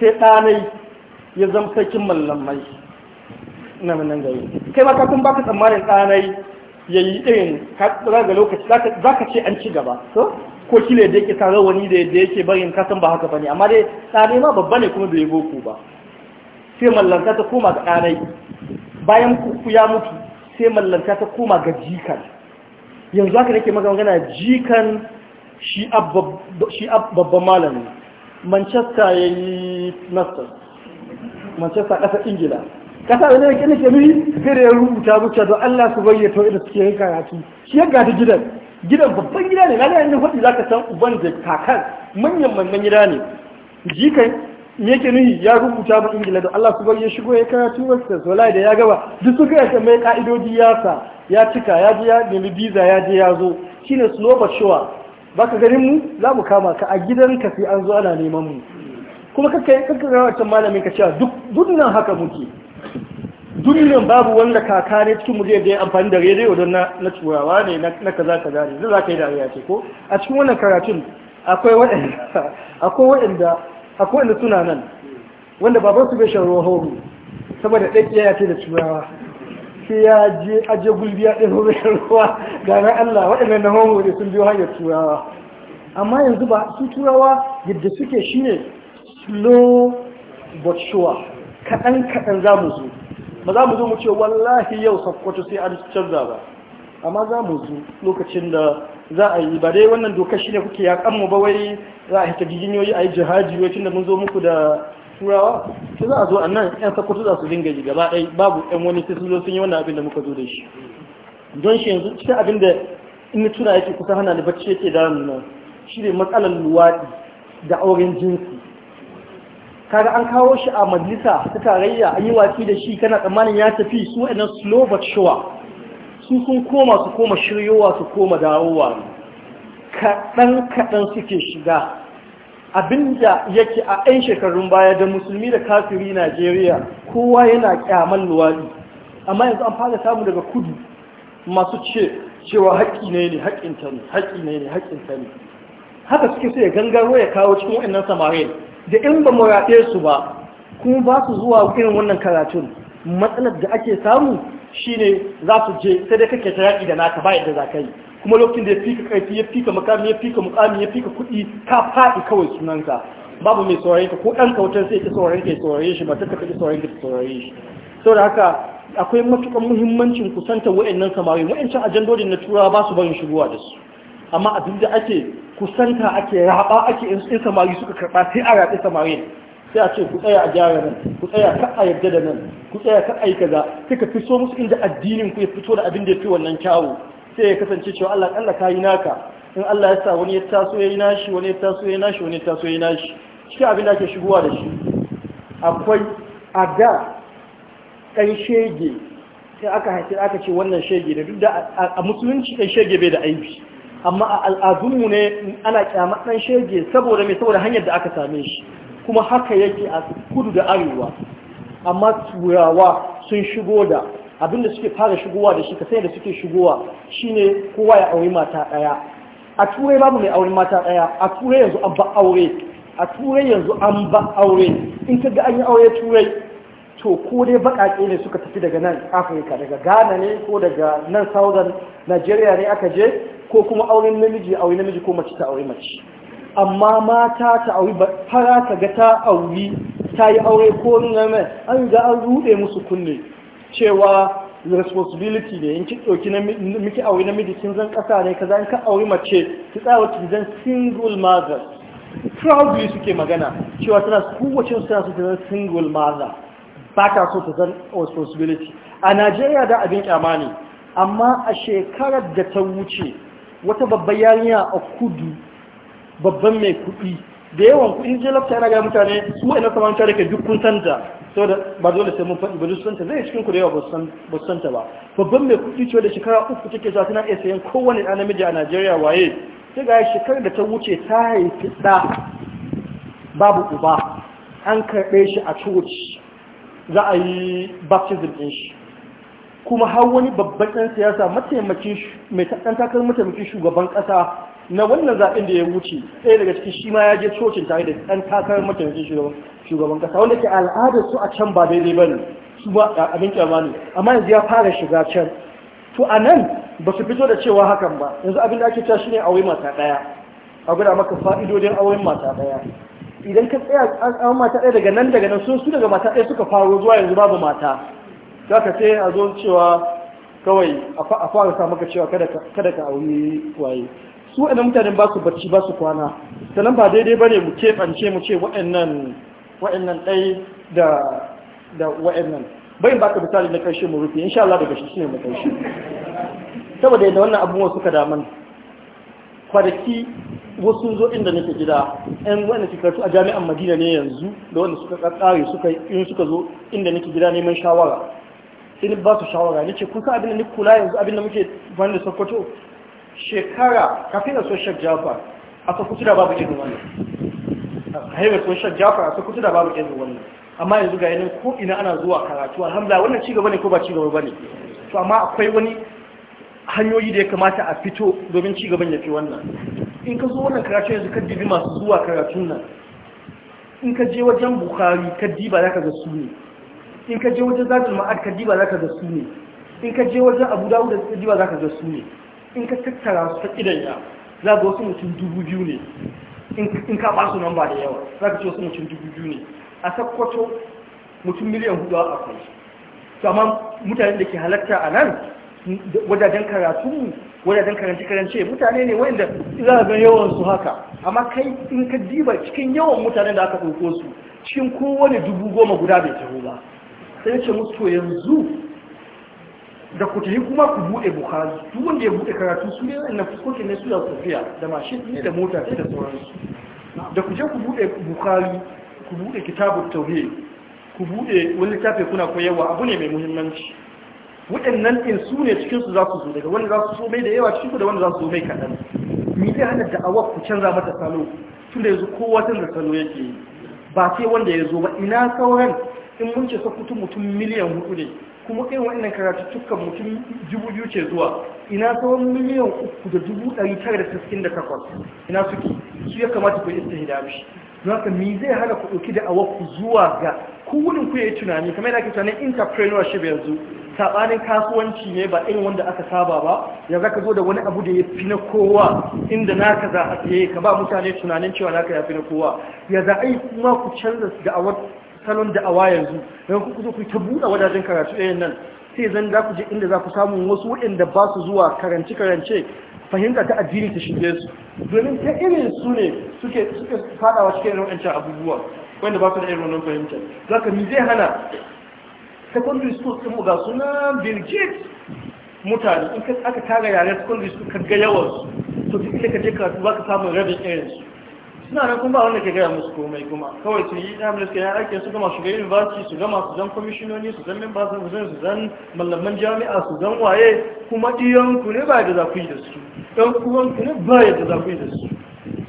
sai ɗanai ya zama sarkin mallamai na wannan garin kai ba ka kun baka tsammanin ɗanai ya yi irin ga lokaci za ka ce an ci gaba so ko kile da yake tare wani da yake barin kasan ba haka bane amma dai ɗanai ma babba ne kuma bai boko ba sai mallanta ta koma ga ɗanai bayan kuku ya mutu sai mallanta ta koma ga jikan yanzu haka nake magana jikan shi babban malami manchester ya yi nasar manchester ƙasar ingila ƙasa da ne nake ke nuhi sai da ya rubuta zuciya don allah su bayyana irin suke yin karatu shi ya gada gidan gidan babban gida ne ranar yanzu hudu za ka san uban da kakan manyan manyan gida ne jikan me yake nuhi ya rubuta mu ingila da Allah su bar ya shigo ya karatu wasu sola da ya gaba duk suka yake mai ka'idoji ya sa ya cika ya je ya nemi biza ya je ya zo shine slow but sure baka ganin mu za mu kama ka a gidanka sai an zo ana neman mu kuma kakka yi ga malamin ka cewa duk dunnan haka muke dunnan babu wanda kaka ne cikin mu zai amfani da rediyo don na turawa ne na kaza kaza ne zai za ka yi dariya ce ko a cikin wannan karatun akwai waɗanda akwai da suna nan wanda baban su bai shan horo saboda ɗaki ya ce da turawa sai ya je aje gulbi ya ɗin horo shawarwa ruwa ga na Allah waɗannan na horo da sun biyo hanyar turawa amma yanzu ba su turawa yadda suke shine slow but sure kaɗan kaɗan za mu zo ba za mu zo mu ce wallahi yau sakkwato sai an canza ba amma za mu zo lokacin da za a yi ba dai wannan dokar shi ne kuke yakan mu ba wai za a hita jijiyoyi a yi jihaji wai da mun zo muku da turawa sai za a zo a nan yan sakwato za su dinga ji gaba ɗaya babu yan wani sai sun zo sun yi wannan abin da muka zo da shi don shi yanzu cikin abin da in ni tuna yake kusa hana ni bacci yake da nuna shi ne matsalar luwaɗi da auren jinsi kaga an kawo shi a majalisa ta tarayya an yi watsi da shi kana tsammanin ya tafi su wa'annan slow but sure su sun koma su koma shiryowa su koma dawowa kaɗan-kaɗan suke shiga abinda yake a 'yan shekarun baya da musulmi da kafiri najeriya kowa yana kyaman luwali amma yanzu an fara samu daga kudu masu ce cewa haƙƙi ne ne haƙƙinta ne ne ne haka suke so ya gangaro ya kawo cikin wa'annan samarin da in ba mu su ba kuma ba su zuwa irin wannan karatun matsalar da ake samu shine za su je sai dai kake ta yaƙi da naka ba yadda za ka yi kuma lokacin da ya fika karfi ya fika makami ya fika mukami ya fika kuɗi ka faɗi kawai sunanka babu mai saurare ka ko ɗan kautar sai ka saurare ka saurare shi mata ka ka saurare ka saurare shi saboda haka akwai matuƙar muhimmancin kusantar wa'annan samari wa'ancin ajandodin na turawa ba su barin shigowa da su amma abin da ake kusanta ake raba ake in samari suka karɓa sai a raɓe samari sai a ce ku tsaya a gyara nan ku tsaya ka a yarda da nan ku tsaya ka a yi kaza sai ka fito musu inda addinin ku ya fito da abin da ya fi wannan kyawu sai ya kasance cewa Allah kalla ka yi naka in Allah ya sa wani ya taso ya yi nashi wani ya taso ya yi nashi wani ya taso ya yi nashi shi abin da ake shigowa da shi akwai a da ɗan shege sai aka haifi aka ce wannan shege da duk da a musulunci ɗan shege bai da aiki. amma a al'adunmu ne ana kyamar ɗan shege saboda mai saboda hanyar da aka same shi kuma haka yake a kudu da arewa amma turawa sun shigo da abinda suke fara shigowa da shi ka sai da suke shigowa shine kowa ya aure mata daya a turai babu mai auren mata daya a turai yanzu an ba aure a turai yanzu an ba aure in ka ga an yi aure turai to ko dai baƙaƙe ne suka tafi daga nan afirka daga ghana ne ko daga nan southern nigeria ne aka je ko kuma auren namiji aure namiji ko mace ta aure mace amma mata ta auri fara ta ga ta auri ta yi aure ko nuna an ga an rude musu kunne cewa responsibility ne in ki na miki aure namiji kin zan ƙasa ne kaza in ka auri mace ki tsaya ki zan single mother proudly suke magana cewa tana kowace tana su zan single mother ba ta so ta zan responsibility a Najeriya da abin kyama ne amma a shekarar da ta wuce wata babbar yarinya a kudu babban mai kuɗi da yawan kuɗi je lafta yana ga mutane su wa'in ina samanta da ke duk kun santa so da ba dole sai mun faɗi ba duk santa zai cikin ku da yawa ba santa ba babban mai kuɗi ce da shekara uku take sa tana iya sayan kowane ɗan namiji a najeriya waye sai ga shekarar da ta wuce ta haifi ɗa babu uba an karɓe shi a coci za a yi baptism ɗin shi kuma har wani babban ɗan siyasa mataimakin mai ɗan takarar mataimakin shugaban ƙasa na wannan zaɓen da ya wuce ɗaya daga cikin shi ma ya je cocin tare da ɗan takarar mataimakin shugaban ƙasa wanda ke al'adar su a can ba daidai ba ne su ba abin kyama ne amma yanzu ya fara shiga can to a nan ba su fito da cewa hakan ba yanzu abin da ake cewa shine aure mata ɗaya a gwada maka fa'idodin auren mata ɗaya idan ka tsaya an mata ɗaya daga nan daga nan sun su daga mata ɗaya suka faro zuwa yanzu babu mata za ka sai a zo cewa kawai a fara sa maka cewa kada ka auri waye su waɗannan mutanen ba su barci ba su kwana sannan ba daidai ba ne mu keɓance mu ce waɗannan ɗai da waɗannan waɗannan ba ka misali na ƙarshe mu rufe insha Allah daga shi ne mu ƙarshe saboda yadda wannan abubuwan suka daman kwanaki wasu zo inda nake gida ɗan wanda suka karatu a jami'an madina ne yanzu da wanda suka kakare suka in suka zo inda nake gida neman shawara sai ba su shawara nace kun san abin da ni kula yanzu abin da muke bani da sokoto shekara kafin da jafa a ta kutu da babu irin wannan haifar jafa a ta kutu da babu irin wannan amma yanzu ga yanin ko ina ana zuwa karatu alhamdulillah wannan cigaba ne ko ba cigaba ba ne to amma akwai wani hanyoyi da ya kamata a fito domin cigaban ya fi wannan in ka zo wannan karatu yanzu ka dibi masu zuwa karatun nan in ka je wajen bukari ka diba za ka ga su ne in ka je wajen zatul ma'ad ka diba za ka ga su ne in ka je wajen abu da ka diba za ka ga su ne in ka tattara su ta ya za ga wasu mutum dubu biyu ne in ka ba su namba da yawa za ka ce wasu mutum dubu biyu ne a sakkwato mutum miliyan hudu a akwai su amma mutane da ke halatta a nan wajajen karatu wajajen karance karance mutane ne wanda za ga yawan su haka amma kai in ka diba cikin yawan mutanen da aka ɗauko su cikin kowane dubu goma guda bai taho ba sai ce musu to yanzu da ku kuma ku buɗe bukari duk wanda ya buɗe karatu su ne na fuskoki ne su ya tafiya da mashin ne da mota da sauransu da ku je ku buɗe bukari ku buɗe kitabun tauhid ku buɗe wani littafi kuna koyarwa abu ne mai muhimmanci waɗannan ɗin su ne cikinsu za su zo daga wanda za su so mai da yawa cikin da wanda za su so mai kaɗan ni zai hana awa ku canza mata salo tun da yanzu kowa da salo yake yi ba sai wanda ya zo ba ina sauran in mun ce sakutu mutum miliyan hudu ne kuma irin wannan karatuttukan mutum dubu biyu ce zuwa ina tsawon miliyan uku da dubu ɗari tara da sassin da takwas ina suke su ya kamata ku yi mishi don haka mi zai hana ku ɗauki da awa ku zuwa ga kowunin ku ya yi tunani kamar yana ake tunanin entrepreneurship yanzu saɓanin kasuwanci ne ba irin wanda aka saba ba ya za ka zo da wani abu da ya fi na kowa inda naka za a tsaye ka ba mutane tunanin cewa naka ya fi na kowa ya za a yi kuma ku canza da awa. salon da'awa yanzu don kuku zo ku ta buɗe wajajen karatu ɗayan nan sai zan za ku je inda za ku samu wasu waɗanda ba su zuwa karance karance fahimta ta addini ta shige su domin ta irin su ne suke suke fadawa cikin irin wancan abubuwa wanda ba su da irin wannan fahimta ka mi zai hana secondary school ɗin mu ga sunan Bill mutane in ka aka tara yare secondary school ka ga yawan su to duk ka je karatu ba ka samun rabin irin su suna nan kuma ba wanda ke gaya musu komai kuma kawai su yi ɗan suka yi aiki su gama shiga university su gama su zan kwamishinoni su zan memba su zan su zan mallaman jami'a su zan waye kuma ɗiyan ku ne ba yadda za ku yi da su ɗan kuwan ku ne ba yadda za ku yi da su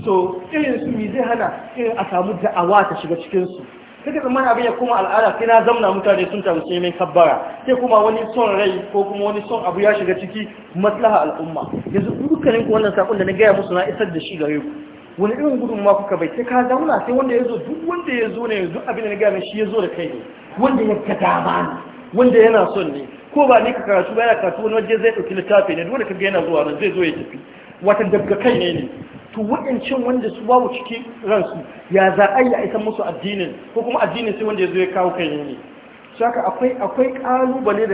so irin su mi zai hana irin a samu da'awa ta shiga cikin su kada zaman abin ya kuma al'ada sai na zamna mutane sun taru sai mai kabbara sai kuma wani son rai ko kuma wani son abu ya shiga ciki maslaha al'umma yanzu dukkanin ku wannan sakon da na gaya musu na isar da shi gare ku wani irin ma kuka bai sai ka zauna sai wanda ya zo duk wanda ya zo ne yanzu abin da na gane shi ya zo da kai ne wanda ya ga dama ne wanda yana son ne ko ba ne ka karatu ba yana karatu wani waje zai ɗauki littafi ne wanda ka ga yana zuwa nan zai zo ya tafi wata daga kai ne ne to waɗancan wanda su babu ciki ransu ya za a yi a musu addinin ko kuma addinin sai wanda ya zo ya kawo kai ne saka akwai akwai ƙalubale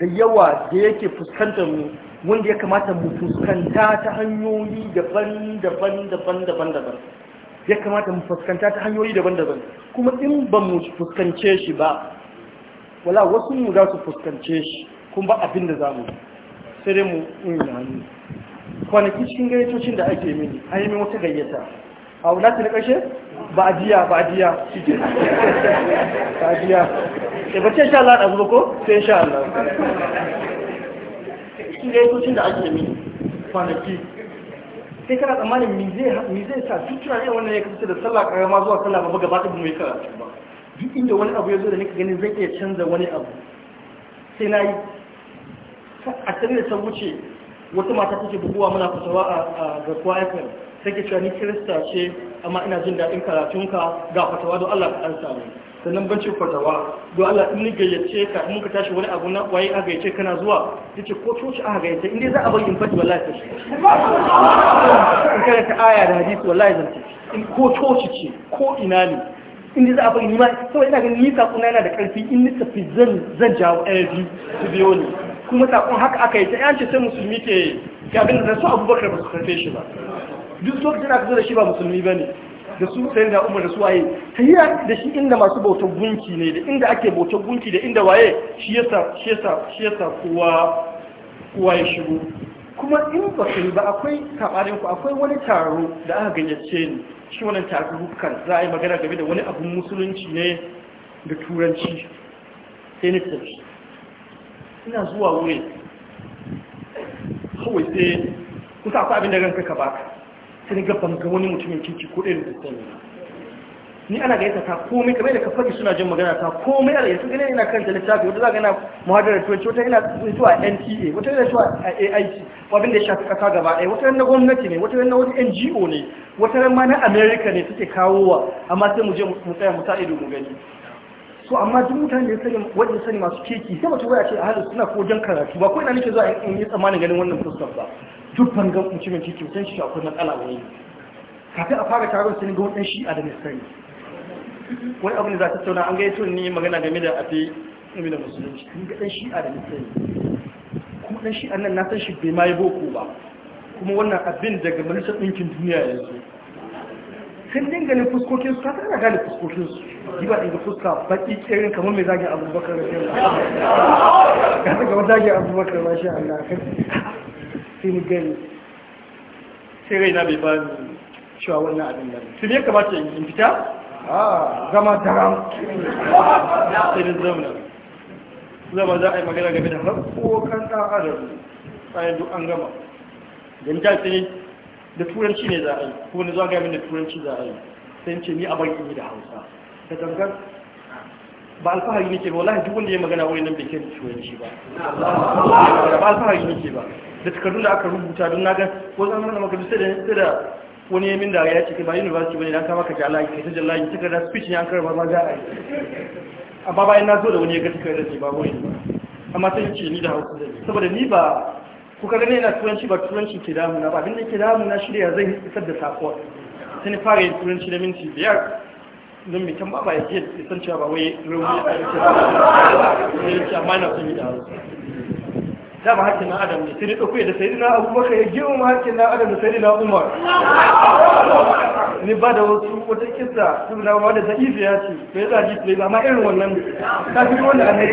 da yawa da yake fuskantar mu wanda ya kamata mu fuskanta ta hanyoyi daban-daban daban-daban daban ya kamata mu fuskanta ta hanyoyi daban-daban kuma in ba mu fuskance shi ba wala wasu mu za su fuskance shi kuma ba abin da za mu sai dai mu yi hannu kwanaki cikin gayyatocin da ake mini an yi min wata gayyata a wulata na ƙarshe ba a jiya ba a jiya shi ke ba a jiya ce eh, sha Allah ɗazu ko sai sha Allah cikin gaitocin da ake mi kwanaki sai kana tsammanin mi zai sa duk tunani wannan ya kasance da sallah karama zuwa sallah ba gaba ɗaya mai karatu ba duk inda wani abu ya zo da nika ganin zai iya canza wani abu sai na yi a tare da ta wuce wata mata take buguwa mana kusawa a garkuwa fm take cewa ni kirista ce amma ina jin daɗin karatunka ga fatawa don allah ka samu sannan bancin fatawa don Allah in gayyace ka in ka tashi wani abu na waye a gayyace kana zuwa yace ko coci a gayyace in dai za a bari in fadi wallahi tashi in kana ta aya da hadisi wallahi zan tashi in ko coci ce ko ina ne in dai za a bari ni ma saboda ina ganin ni sakuna yana da karfi in ni tafi zan zan jawo ɗaya biyu su biyo ni kuma sakon haka aka yi ta ce sai musulmi ke ga abin da su abubakar ba su karfe shi ba duk lokacin da aka zo da shi ba musulmi ba ne da su sai da umar da su waye tahiyya da shi inda masu bautar gunki ne da inda ake bautar gunki da inda waye shi yasa shi yasa shi yasa kuwa kuwa ya shigo kuma in ba su ba akwai kabarin ku akwai wani taro da aka gayyace ni shi wannan tarurrukan za a yi magana game da wani abun musulunci ne da turanci sai ni tafi ina zuwa wurin kawai sai kusa akwai abin da ranka ka baka sai ga ban ga wani mutumin kirki ko da rubuta ne ni ana yasa ta komai kamar da kafaji suna jin magana ta komai ala yanzu ganin ina kanta littafi wata zaga na muhadarar turanci wata ina zuwa nta wata ina zuwa aic abin da ya shafi kasa gaba ɗaya wata na gwamnati ne wata na wani ngo ne wata ma na america ne suke kawowa amma sai mu je mu tsaya mu sa ido mu gani so amma duk mutane da sani wajen sani masu keki sai mutum ya ce a halin suna ko jan karatu ba ko ina nake zuwa in yi tsammanin ganin wannan fuskar ba duk bangan mutumin ke kyautar shi akwai matsala wani kafin a fara taron sun ga wadannan shi a da misali wani abin da za ta tauna an gaito ne magana game da afi game da musulunci kun ga dan shi a da misali kuma dan shi annan na san shi bai mai boko ba kuma wannan abin daga majalisar ɗinkin duniya ya zo sun din fuskokin fuskokinsu ta tsara gane fuskokinsu yi ba ɗaga fuska baƙi ƙirin kamar mai zagin abubakar rashin ga ta gaba zagin abubakar rashin allah sai ni gani sai raina bai ba ni cewa wannan abin da su ne kamata in fita a zama daram sai ni zauna zama za a yi magana game da harkokan ɗan adam bayan duk an gama da mutane sai da turanci ne za a yi ko wani zuwa gamin da turanci za a yi sai ce ni a bar yi da hausa da gangan ba alfahari ke ba wallahi duk wanda ya magana wurin nan bai kai turanci ba ba alfahari ke ba da takardun da aka rubuta don na ko zan nuna maka bisa da sai da wani yamin da ya ce ba university bane dan kama ka jala ki ta jala ki takarda speech ne an karba ma za a yi amma bayan na zo da wani ya ga ta ce ba wani amma sai ce ni da hausa saboda ni ba kuka gane na turanci ba turanci ke na ba da ke damuna shirya zai isar da sako sai ni fara yin turanci da minti biyar don mai tamba ba ya je san cewa ba wai rauni a ce amma na sun yi da hausa da ba hakkin na adam ne sai da ɗauko da sai na abubakar ya gina ma hakkin na adam da sai dina umar ni ba da wasu wata kisa su na wada da za'ifi ya ce to ya zaji su amma irin wannan ta fi wanda a nai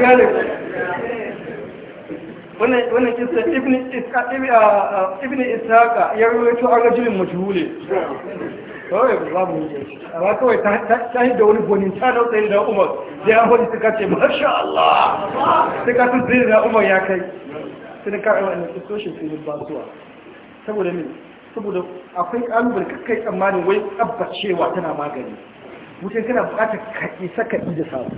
gani wannan kisa ibini uh, uh, isaka ya rubuto an rajulin majhule kawai ba mu yi a ba kawai ta yi da wani gonin ta da tsaye da umar da ya hori suka ce masha Allah suka sun tsaye da umar ya kai sun ka aiwa ne soshin filin basuwa saboda min saboda akwai kalubale kakai tsammanin wai tsabbacewa tana magani wuce kana bukatar ka isa ka da sabu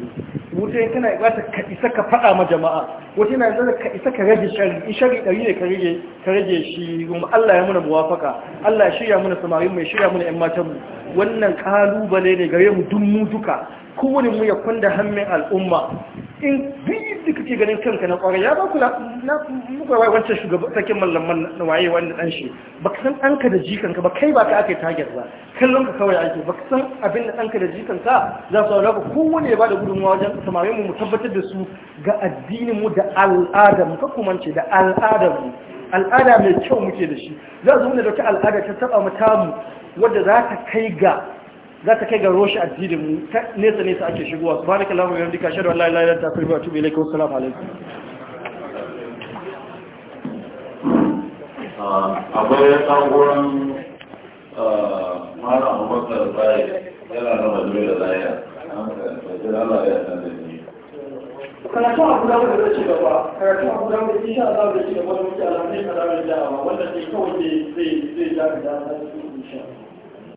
wuce kana bukatar ka isa ka faɗa ma jama'a wuce na da ka isa ka rage shari in shari ɗari ne ka rage shi kuma Allah ya muna muwafaka Allah ya shirya muna samarin mai shirya muna ƴan matan mu wannan kalubale ne gare mu duk mu duka kowane mu ya kwanda hannun al'umma in biyu kake ganin kanka na kwarai ya ba ku wancan shugaban sakin mallaman na waye wani dan shi ba ka san ɗanka da jikanka ba kai ba ka aka yi target ba kallon ka kawai ake ba ka san abin da ɗanka da jikanka za su haura ba kowane ya ba da gudunmawa wajen samarin mu mu tabbatar da su ga addinin mu da al'adar mu ka da al'adar mu al'ada mai kyau muke da shi za su da dauki al'ada ta taba mu tamu wadda za ta kai ga za ta kai ga roshi addinin mu nesa nesa ake shigowa subhanakallahu wa bihamdika ashhadu an la ilaha illa anta astaghfiruka wa atubu ilaik wa assalamu alaikum uh, akwai ɗan wurin uh, mara abubakar bai yana da majalai da laya da Allah ya san da ni karatu a guda da zai ci gaba karatu a guda da insha Allah zai ci gaba da mutane da alamun da alamun da wanda ne kawai zai zai zai da da insha Allah